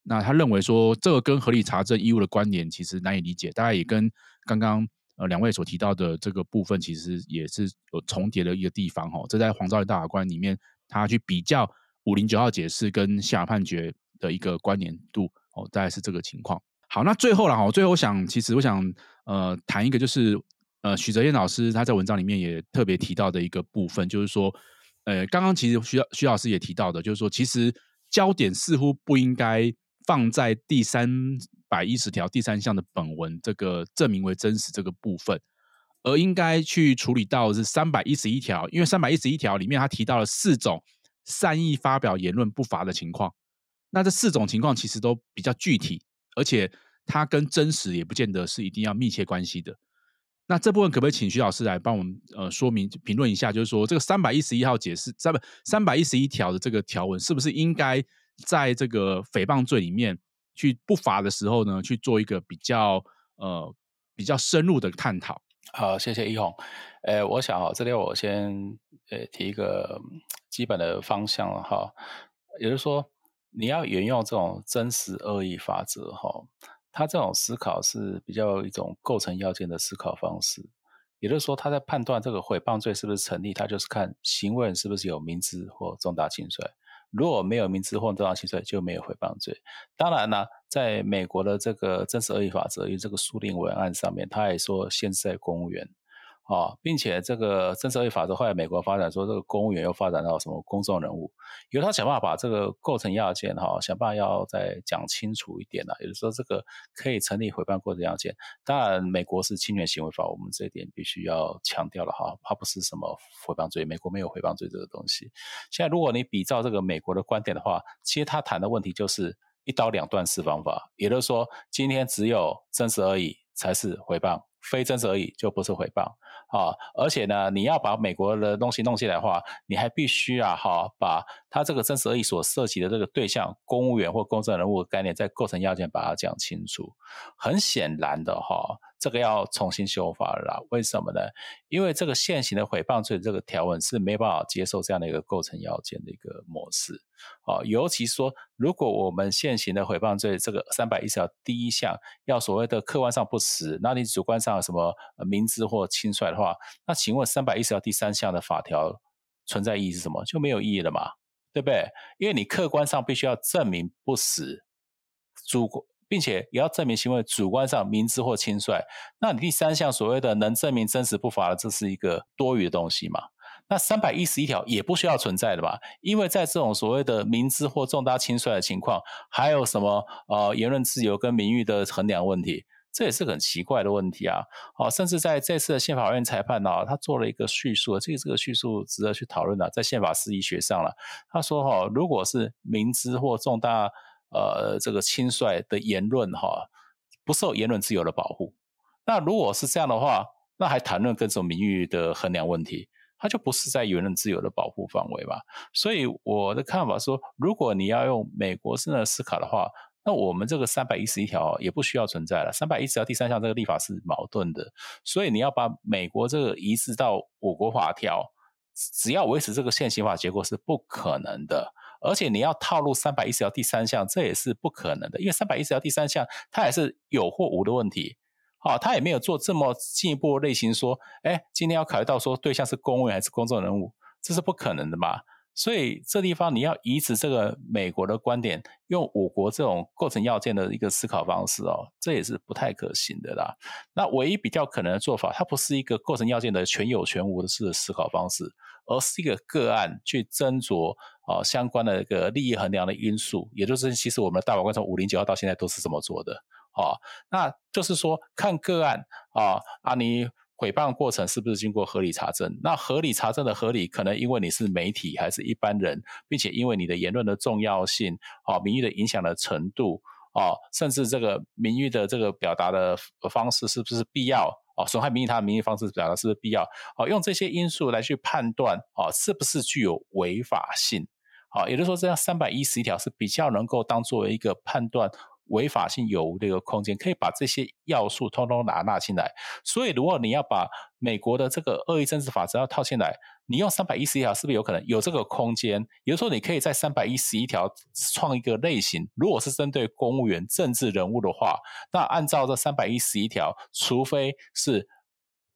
那他認為說，這個跟合理查證義務的關聯其實難以理解，大家也跟剛剛呃兩位所提到的這個部分其實也是有重疊的一個地方哦。這在黃昭元大法官裡面，他去比較五零九號解釋跟下判決的一個關聯度哦，大概是這個情況。好，那最後了哈，我最後我想，其實我想呃談一個就是呃許澤天老師他在文章裡面也特別提到的一個部分，就是說呃剛剛其實許許老師也提到的，就是說其實焦點似乎不應該，放在第三百一十條第三項的本文這個證明為真實這個部分，而應該去處理到是三百一十一條，因為三百一十一條裡面他提到了四種善意發表言論不罰的情況，那這四種情況其實都比較具體，而且它跟真實也不見得是一定要密切關係的。那這部分可不可以請許老師來幫我們呃說明評論一下？就是說這個三百一十一號解釋三不三百一十一條的這個條文是不是應該？在這個誹謗罪裡面去不罰的時候呢，去做一個比較呃比較深入的探討。好，謝謝奕弘。哎，我想哈，這裡我先呃提一個基本的方向了哈，也就是說你要沿用這種真實惡意法則哈，他這種思考是比較一種構成要件的思考方式。也就是說，他在判斷這個誹謗罪是不是成立，他就是看行為人是不是有明知或重大輕率。如果沒有明知或重大輕率，就沒有誹謗罪。當然呢、啊，在美國的這個真實惡意法則，因為這個蘇利文案上面，他也說限制在公務員。啊、哦，並且這個真實惡意法則之後，後來美國發展說，這個公務員又發展到什麼公眾人物，由他想辦法把這個構成要件哈，想辦法要再講清楚一點了。也就是說，這個可以成立誹謗構成要件。當然，美國是侵權行為法，我們這一點必須要強調了哈，怕不是什麼誹謗罪，美國沒有誹謗罪這個東西。現在如果你比照這個美國的觀點的話，其實他談的問題就是一刀兩斷式方法，也就是說，今天只有真實惡意才是誹謗。非真實而已，就不是回報。啊、哦，而且呢，你要把美國的東西弄進來的話，你還必須啊，哈、哦，把他這個真實惡意所涉及的這個對象，公務員或公眾人物的概念，在構成要件把它講清楚。很顯然的哈、哦，這個要重新修法了啦。為什麼呢？因為這個現行的誹謗罪這個條文是沒辦法接受這樣的一個構成要件的一個模式。啊、哦，尤其說，如果我們現行的誹謗罪這個三百一十條第一項要所謂的客觀上不實，那你主觀上有什麼呃明知或輕率的話。那請問三百一十條第三項的法條存在意義是什麼？就沒有意義了嘛？對不對？因為你客觀上必須要證明不實，主並且也要證明行為主觀上明知或輕率，那你第三項所謂的能證明真實不罰的，這是一個多餘的東西嘛？那三百一十一條也不需要存在的吧？因為在這種所謂的明知或重大輕率的情況，還有什麼呃言論自由跟名譽的衡量問題？這也是很奇怪的問題啊！甚至在這次的憲法院裁判呢、啊，他做了一個敘述，這個這個敘述值得去討論的、啊，在憲法釋義學上了、啊。他說、啊：“哈，如果是明知或重大呃這個輕率的言論哈、啊，不受言論自由的保護。那如果是這樣的話，那還談論跟什麼名譽的衡量問題，他就不是在言論自由的保護範圍嘛？所以我的看法說，如果你要用美國式的思考的話。”那我們這個三百一十一條也不需要存在了。三百一十條第三項這個立法是矛盾的，所以你要把美國這個移植到我國法條，只要維持這個現行法結果是不可能的。而且你要套路三百一十條第三項，這也是不可能的，因為三百一十條第三項它也是有或無的問題。好，它也沒有做這麼進一步類型說，哎，今天要考慮到說對象是公務員還是公眾人物，這是不可能的嘛。所以這地方你要移植這個美國的觀點，用我國這種構成要件的一個思考方式哦，這也是不太可行的啦。那唯一比較可能的做法，它不是一個構成要件的全有全無的式的思考方式，而是一個個案去斟酌啊、呃、相關的一個利益衡量的因素。也就是其實我們的大法官從五零九號到現在都是這麼做的啊、呃。那就是說看個案啊、呃，啊你誹謗過程是不是經過合理查證？那合理查證的合理，可能因為你是媒體還是一般人，並且因為你的言論的重要性啊，名譽的影響的程度啊，甚至這個名譽的這個表達的方式是不是必要啊？損害名譽他的名譽方式表達是不是必要？啊，用這些因素來去判斷啊，是不是具有違法性？啊，也就是說，這樣三百一十一條是比較能夠當作為一個判斷。違法性有無的一個空間，可以把這些要素通通拿納進來。所以，如果你要把美國的這個惡意政治法則要套進來，你用三百一十一條，是不是有可能有這個空間？比如說，你可以在三百一十一條創一個類型，如果是針對公務員、政治人物的話，那按照這三百一十一條，除非是。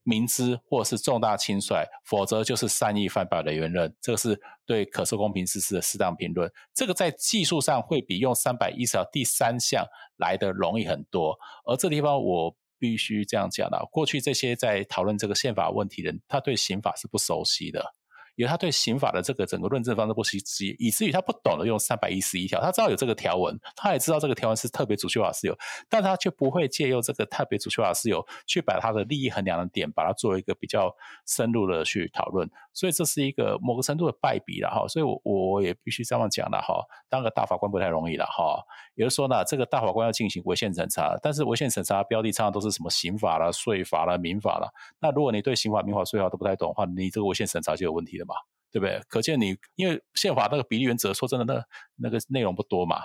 明知或者是重大輕率，否則就是善意發表的言論，這個是對可受公評之事的適當評論。這個在技術上會比用三百一十條第三項來得容易很多。而這地方我必須這樣講了：過去這些在討論這個憲法問題的人，他對刑法是不熟悉的。因為他對刑法的這個整個論證方式不熟悉，以至於他不懂得用三百一十一條，他知道有這個條文，他也知道這個條文是特別阻卻違法事由，但他卻不會借用這個特別阻卻違法事由去把他的利益衡量的點，把它作為一個比較深入的去討論，所以這是一個某個程度的敗筆了哈。所以，我我也必須這樣講了哈，當個大法官不太容易了哈。也就是說呢，這個大法官要進行違憲審查，但是違憲審查的標的常常都是什麼刑法啦、稅法啦、民法啦。那如果你對刑法、民法、稅法都不太懂的話，你這個違憲審查就有問題了。對不對？可見你因為憲法那個比例原則，說真的，那那個內容不多嘛。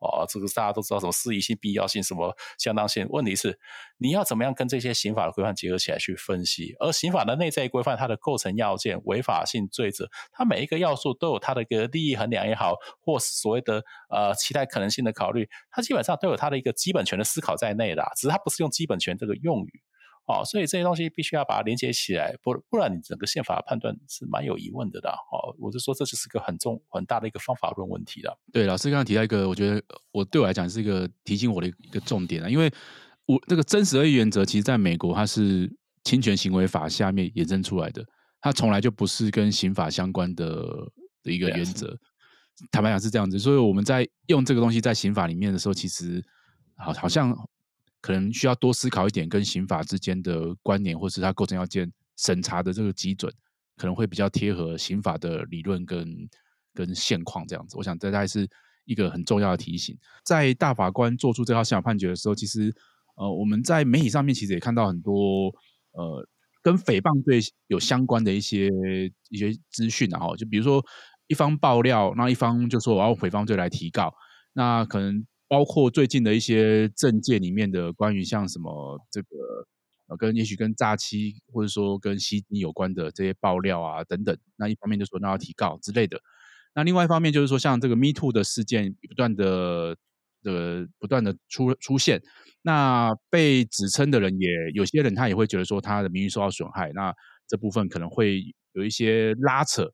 哦，這個大家都知道什麼適宜性、必要性，什麼相當性。問題是你要怎麼樣跟這些刑法的規範結合起來去分析？而刑法的內在規範，它的構成要件、違法性、罪責，它每一個要素都有它的一個利益衡量也好，或是所謂的呃期待可能性的考慮，它基本上都有它的一個基本權的思考在內的啊，只是它不是用基本權這個用語。哦，所以這些東西必須要把它連接起來，不不然你整個憲法判斷是蠻有疑問的的。哦，我就說這就是個很重很大的一個方法論問題了。對，老師剛剛提到一個，我覺得我對我來講是一個提醒我的一個重點啊，因為我那、這個真實惡意原則，其實在美國它是侵權行為法下面衍生出來的，它從來就不是跟刑法相關的的一個原則。啊、坦白講是這樣子，所以我們在用這個東西在刑法裡面的時候，其實好、好像。可能需要多思考一點跟刑法之間的關聯，或是它構成要件審查的這個基準，可能會比較貼合刑法的理論跟跟現況這樣子。我想這大概是一個很重要的提醒。在大法官做出這套憲法判決的時候，其實呃我們在媒體上面其實也看到很多呃跟誹謗罪有相關的一些一些資訊啊，吼，就比如說一方爆料，那一方就說我要用誹謗罪來提告，那可能。包括最近的一些政界裡面的關於像什麼這個呃，跟也許跟詐欺或者說跟吸金有關的這些爆料啊等等，那一方面就說那要提告之類的，那另外一方面就是說像這個 MeToo 的事件不斷的的不斷的出出現，那被指稱的人也有些人他也會覺得說他的名譽受到損害，那這部分可能會有一些拉扯。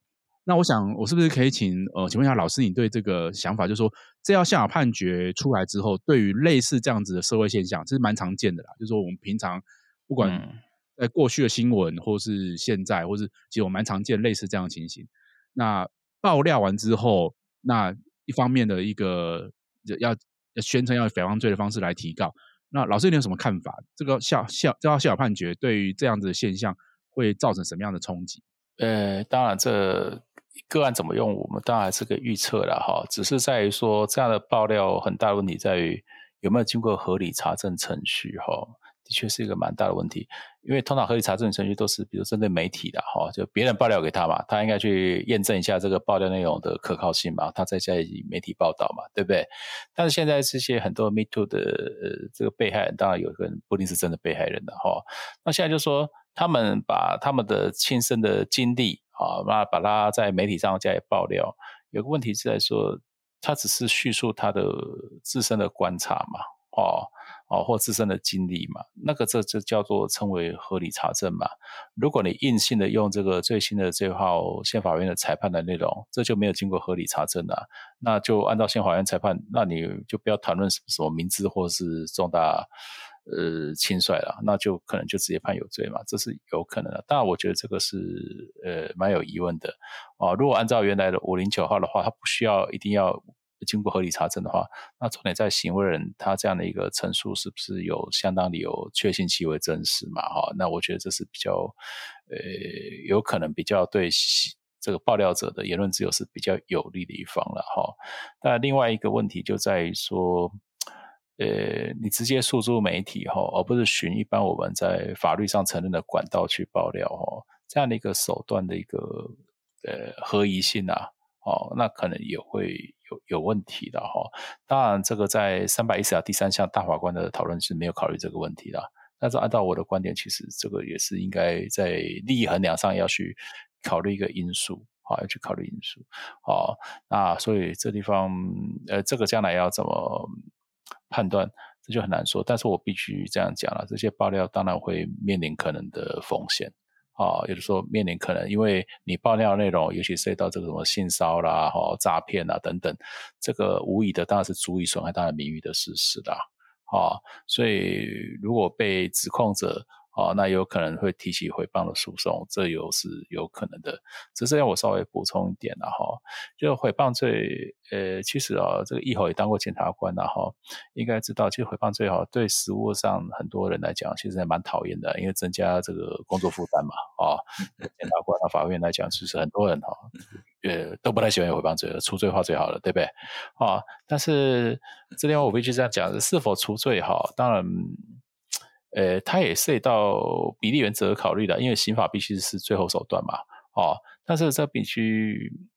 那我想，我是不是可以請呃，請問一下老師，你對這個想法，就是說，這要憲法判決出來之後，對於類似這樣子的社會現象，這是蠻常見的啦。就是說，我們平常不管在過去的新聞，或是現在，嗯、或是其實我蠻常見類似這樣的情形。那爆料完之後，那一方面的一個要要宣稱要以誹謗罪的方式來提告。那老師，你有什麼看法？這個憲、憲這要憲法判決對於這樣子的現象會造成什麼樣的衝擊？呃，當然這個。個案怎麼用？我們當然還是可以預測了哈，只是在於說，這樣的爆料很大的問題在於有沒有經過合理查證程序哈，的確是一個蠻大的問題。因為通常合理查證程序都是比如針對媒體的哈，就別人爆料給他嘛，他應該去驗證一下這個爆料內容的可靠性嘛，他再加以媒體報道嘛，對不對？但是現在這些很多 MeToo 的呃這個被害人，當然有一個人不一定是真的被害人的哈，那現在就說他們把他們的親身的經歷。啊，那把他在媒體上加以爆料，有個問題是在說，他只是敘述他的自身的觀察嘛，哦哦或自身的經歷嘛，那個這就叫做稱為合理查證嘛。如果你硬性的用這個最新的這號憲法院的裁判的內容，這就沒有經過合理查證的，啊，那就按照憲法院裁判，那你就不要談論什麼什麼明知或是重大，呃，輕率了，那就可能就直接判有罪嘛，這是有可能的。但，我覺得這個是呃蠻有疑問的啊、哦。如果按照原來的五零九號的話，他不需要一定要經過合理查證的話，那重點在行為人他這樣的一個陳述是不是有相當理由確信其為真實嘛？哈、哦，那我覺得這是比較呃有可能比較對這個爆料者的言論自由是比較有利的一方了哈、哦。但另外一個問題就在於說。呃，你直接訴諸媒體哈，而不是循一般我們在法律上承認的管道去爆料哈，這樣的一個手段的一個呃合宜性啊，哦，那可能也會有有問題的哈、哦。當然，這個在三百一十條第三項大法官的討論是沒有考慮這個問題的。但是按照我的觀點，其實這個也是應該在利益衡量上要去考慮一個因素好、哦，要去考慮因素好、哦，那所以這地方呃，這個將來要怎麼判斷這就很難說，但是我必須這樣講啦。這些爆料當然會面臨可能的風險啊、哦，也就是說面臨可能，因為你爆料內容，尤其涉及到這個什麼性騷擾啦、哈、哦、詐騙啊等等，這個無疑的當然是足以損害他人名譽的事實啦。啊、哦。所以如果被指控者，哦，那有可能會提起誹謗的訴訟，這又是有可能的。只是讓我稍微補充一點啦、啊，哈、哦，就誹謗罪，呃，其實啊、哦，這個奕弘也當過檢察官、啊，然、哦、後應該知道，其實誹謗罪哈、哦，對實務上很多人來講，其實還蠻討厭的，因為增加這個工作負擔嘛，啊、哦， 檢察官到法院來講，其實很多人哈，呃、哦， 都不太喜歡誹謗罪了，除罪化最好了，對不對？啊、哦，但是這邊我必須這樣講，是否除罪哈，當然。呃，它也是也到比例原則考慮的，因為刑法必須是最後手段嘛，哦、但是這必須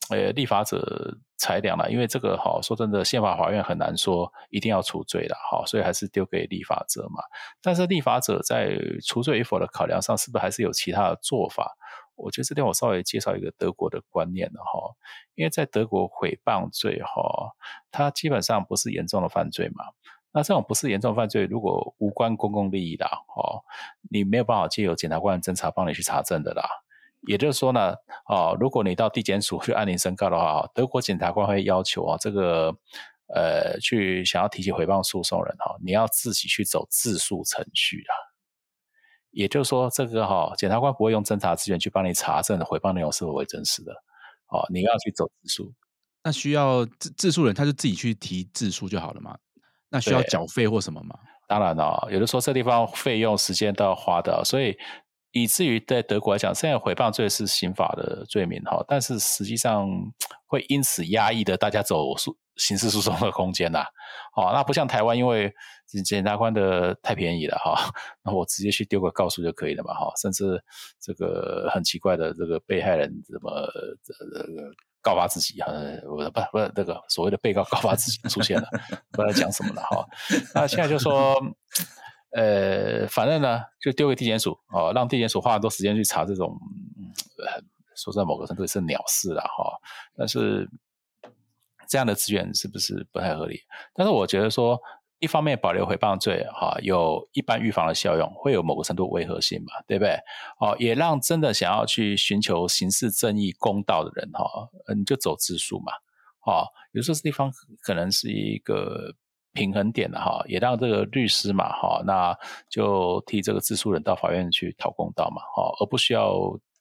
呃立法者裁量啦，因為這個哈說真的，憲法法院很難說一定要除罪的、哦，所以還是丟給立法者嘛。但是立法者在除罪與否的考量上，是不是還是有其他的做法？我覺得這點我稍微介紹一個德國的觀念的哈，因為在德國毀謗罪哈，它基本上不是嚴重的犯罪嘛。那這種不是嚴重犯罪，如果無關公共利益的哦，你沒有辦法借由檢察官的偵查幫你去查證的啦。也就是說呢，哦，如果你到地檢署去按鈴申告的話，德國檢察官會要求啊、哦，這個呃，去想要提起毀謗訴訟人哈、哦，你要自己去走自訴程序啊。也就是說，這個哈、哦，檢察官不會用偵查資源去幫你查證毀謗內容是否為真實的，哦，你要去走自訴。那需要自自訴人他就自己去提自訴就好了嘛？那需要繳費或什麼嗎？當然了、哦，有的說這地方費用、時間都要花的，所以以至於在德國來講，雖然誹謗罪是刑法的罪名哈，但是實際上會因此壓抑的大家走訴刑事訴訟的空間吶、啊。哦，那不像台灣，因為檢察官的太便宜了哈、哦，那我直接去丟個告訴就可以了嘛哈、哦，甚至這個很奇怪的這個被害人怎麼這這個。這告發自己啊！我不不是那個所謂的被告告發自己出現了， 不知道講什麼了哈、哦。那現在就說，呃，反正呢，就丟給地檢署啊、哦，讓地檢署花很多時間去查這種，嗯、說在某個程度也是鳥事了哈、哦。但是這樣的資源是不是不太合理？但是我覺得說。一方面保留誹謗罪哈、哦，有一般預防的效用，會有某個程度違和性嘛，對不對？哦，也讓真的想要去尋求刑事正義、公道的人哈、哦，你就走自訴嘛，哦，有時候這地方可能是一個平衡點的哈、哦，也讓這個律師嘛哈、哦，那就替這個自訴人到法院去討公道嘛，哦，而不需要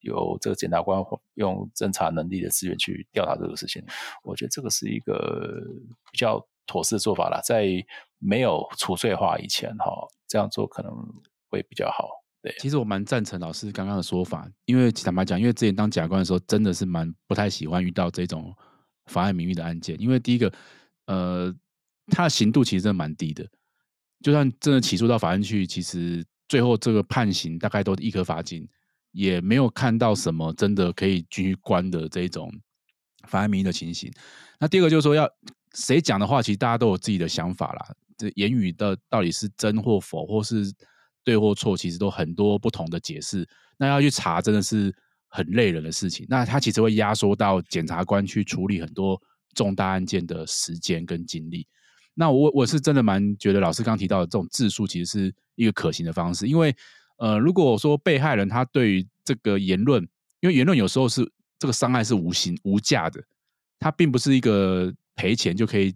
有這個檢察官用偵查能力的資源去調查這個事情，我覺得這個是一個比較。妥適做法啦，在沒有除罪化以前，哈，這樣做可能會比較好。對，其實我蠻贊成老師剛剛的說法，因為坦白講，因為之前當檢察官的時候，真的是蠻不太喜歡遇到這種妨礙名譽的案件。因為第一個，呃，他的刑度其實真的蠻低的，就算真的起訴到法院去，其實最後這個判刑大概都一科罰金，也沒有看到什麼真的可以居關的這種妨礙名譽的情形。那第二個就是說要，誰講的話，其實大家都有自己的想法啦。這言語的到底是真或否，或是對或錯，其實都很多不同的解釋。那要去查，真的是很累人的事情。那他其實會壓縮到檢察官去處理很多重大案件的時間跟精力。那我我是真的蠻覺得老師剛剛提到的這種自訴其實是一個可行的方式。因為呃，如果說被害人他對於這個言論，因為言論有時候是這個傷害是無形無價的，他並不是一個。賠錢就可以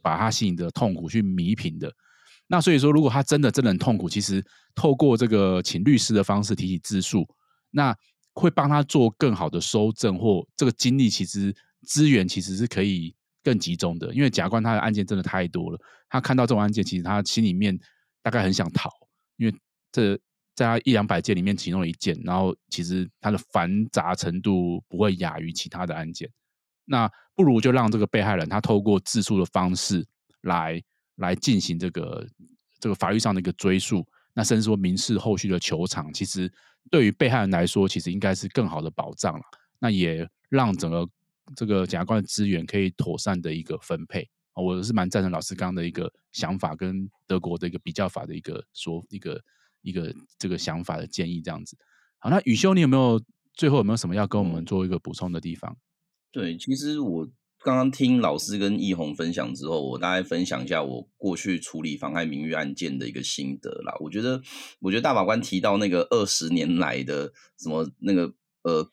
把他心裡的痛苦去彌平的。那所以說，如果他真的真的很痛苦，其實透過這個請律師的方式提起自訴，那會幫他做更好的蒐證或這個精力，其實資源其實是可以更集中的。因為檢察官他的案件真的太多了，他看到這種案件，其實他心裡面大概很想逃，因為這在他一兩百件裡面其中一件，然後其實他的繁雜程度不會亞於其他的案件。那不如就讓這個被害人他透過自訴的方式來來進行這個這個法律上的一個追訴，那甚至說民事後續的求償，其實對於被害人來說，其實應該是更好的保障了。那也讓整個這個檢察官的資源可以妥善的一個分配。哦，我是蠻贊成老師剛剛的一個想法，跟德國的一個比較法的一個說一個一個這個想法的建議這樣子。好，那宇修，你有沒有最後有沒有什麼要跟我們做一個補充的地方？對，其實我剛剛聽老師跟奕弘分享之後，我大概分享一下我過去處理妨害名譽案件的一個心得啦。我覺得，我覺得大法官提到那個二十年來的什麼那個呃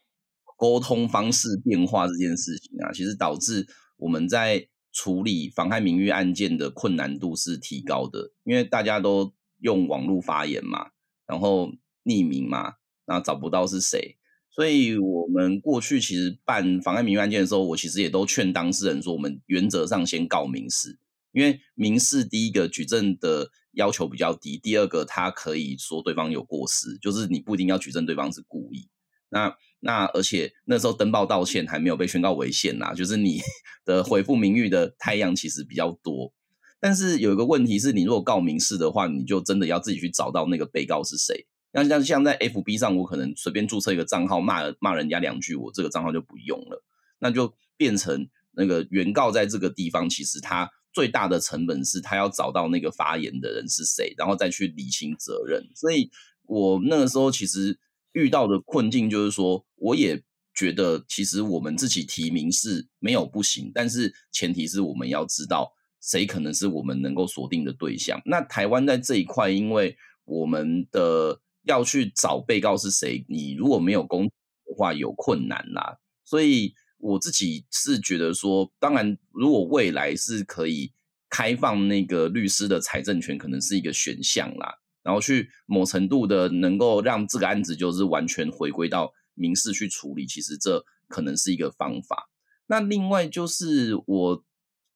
溝通方式變化這件事情啊，其實導致我們在處理妨害名譽案件的困難度是提高的，因為大家都用網絡發言嘛，然後匿名嘛，那找不到是誰。所以我們過去其實辦妨礙名譽案件的時候，我其實也都勸當事人說，我們原則上先告民事，因為民事第一個舉證的要求比較低，第二個他可以說對方有過失，就是你不一定要舉證對方是故意。那那而且那時候登報道歉還沒有被宣告違憲啦、啊，就是你的回復名譽的態樣其實比較多。但是有一個問題是你如果告民事的話，你就真的要自己去找到那個被告是誰。像像像在 FB 上，我可能隨便註冊一個賬號罵，罵罵人家兩句，我這個賬號就不用了，那就變成那個原告在這個地方，其實他最大的成本是他要找到那個發言的人是誰，然後再去理清責任。所以我那個時候其實遇到的困境就是說，我也覺得其實我們自己提名是沒有不行，但是前提是我們要知道誰可能是我們能夠鎖定的對象。那台灣在這一塊，因為我們的要去找被告是誰？你如果沒有工作的話，有困難啦。所以我自己是覺得說，當然，如果未來是可以開放那個律師的財政權，可能是一個選項啦。然後去某程度的能夠讓這個案子就是完全回歸到民事去處理，其實這可能是一個方法。那另外就是我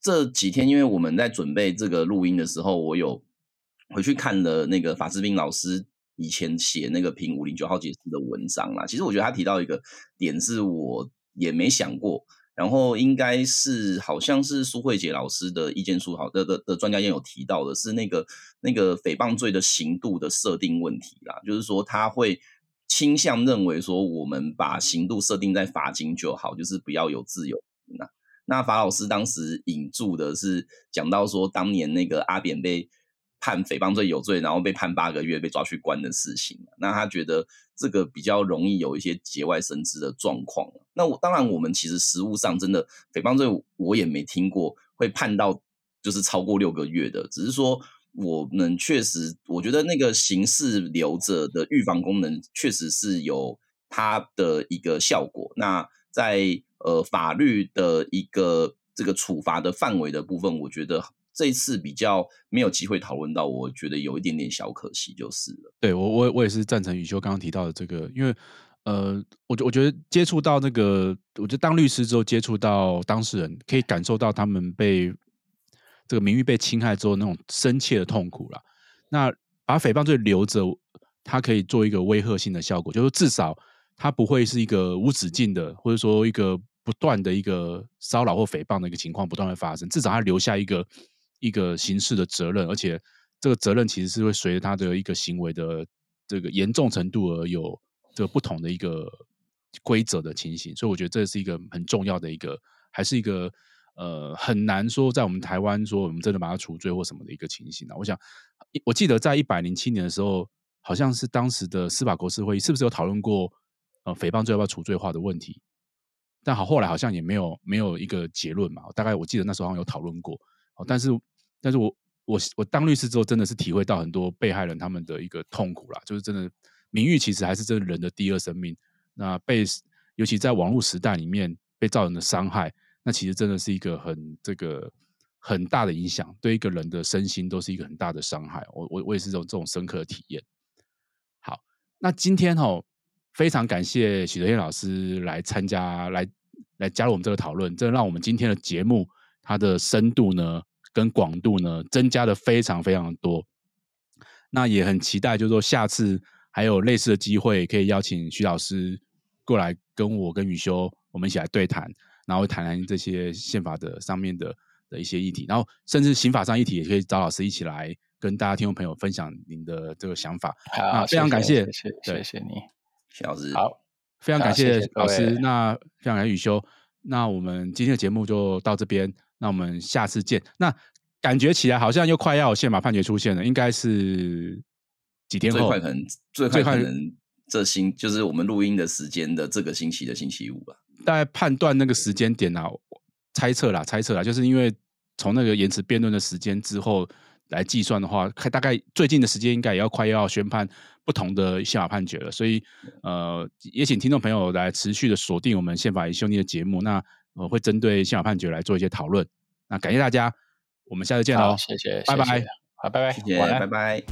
這幾天，因為我們在準備這個錄音的時候，我有回去看了那個法士兵老師。以前寫那個評五零九號解釋的文章啦，其實我覺得他提到一個點是我也沒想過，然後應該是好像是蘇慧杰老師的意見書，好，的的的專家也有提到的是那個那個誹謗罪的刑度的設定問題啦，就是說他會傾向認為說我們把刑度設定在罰金就好，就是不要有自由刑、啊、那法老師當時引注的是講到說當年那個阿扁被，判誹謗罪有罪，然後被判八個月，被抓去關的事情。那他覺得這個比較容易有一些節外生枝的狀況。那我當然，我們其實實務上真的誹謗罪，我也沒聽過會判到就是超過六個月的。只是說，我們確實，我覺得那個刑事留着的預防功能，確實是有它的一個效果。那在呃法律的一個這個處罰的範圍的部分，我覺得。這一次比較沒有機會討論到，我覺得有一點點小可惜，就是了。對我，我我也是贊成宇修剛剛提到的這個，因為呃，我覺我覺得接觸到那個，我覺得當律師之後接觸到當事人，可以感受到他們被這個名譽被侵害之後那種深切的痛苦了。那把誹謗罪留着，它可以做一個威嚇性的效果，就是至少它不會是一個無止境的，或者說一個不斷的一個騷擾或誹謗的一個情況不斷的發生。至少它留下一個，一個刑事的責任，而且這個責任其實是會隨着他的一個行為的這個嚴重程度而有這個不同的一個規則的情形，所以我覺得這是一個很重要的一個，還是一個呃很難說在我們台灣說我們真的把它除罪或什麼的一個情形呢、啊。我想我記得在一百零七年的時候，好像是當時的司法國是會議是不是有討論過呃誹謗罪要不要除罪化的問題？但好後來好像也沒有沒有一個結論嘛，大概我記得那時候好像有討論過，哦，但是。但是我我我當律師之後，真的是體會到很多被害人他們的一個痛苦啦，就是真的名譽其實還是這人的第二生命。那被，尤其在網絡時代裡面被造成的傷害，那其實真的是一個很這個很大的影響，對一個人的身心都是一個很大的傷害。我我我也是這種這種深刻的體驗。好，那今天哦，非常感謝許澤天老師來參加來來加入我們這個討論，這讓我們今天的節目它的深度呢。跟廣度呢，增加的非常非常的多。那也很期待，就是說下次還有類似的機會，可以邀請許老師過來跟我跟宇修，我們一起來對談，然後談談這些憲法的上面的的一些議題，然後甚至刑法上議題也可以找老師一起來跟大家聽眾朋友分享您的這個想法。好，非常感謝，謝，謝，謝，謝，謝謝你，許老師。好，非常感謝老師。謝謝，那非常感謝宇修。那我們今天的節目就到這邊。那我們下次見。那感覺起來好像又快要有憲法判決出現了，應該是幾天後？最快可能最快最可能這星就是我們錄音的時間的這個星期的星期五吧。大概判斷那個時間點啊，對猜測啦，猜測啦，就是因為從那個言詞辯論的時間之後來計算的話，大概最近的時間應該也要快要宣判不同的憲法判決了。所以呃，也請聽眾朋友來持續的鎖定我們憲法奕修你的節目。那。我、呃、會針對憲法判決來做一些討論。那感謝大家，我們下次見嘍。謝謝，拜拜，謝謝謝謝，好，拜拜，謝謝安拜拜。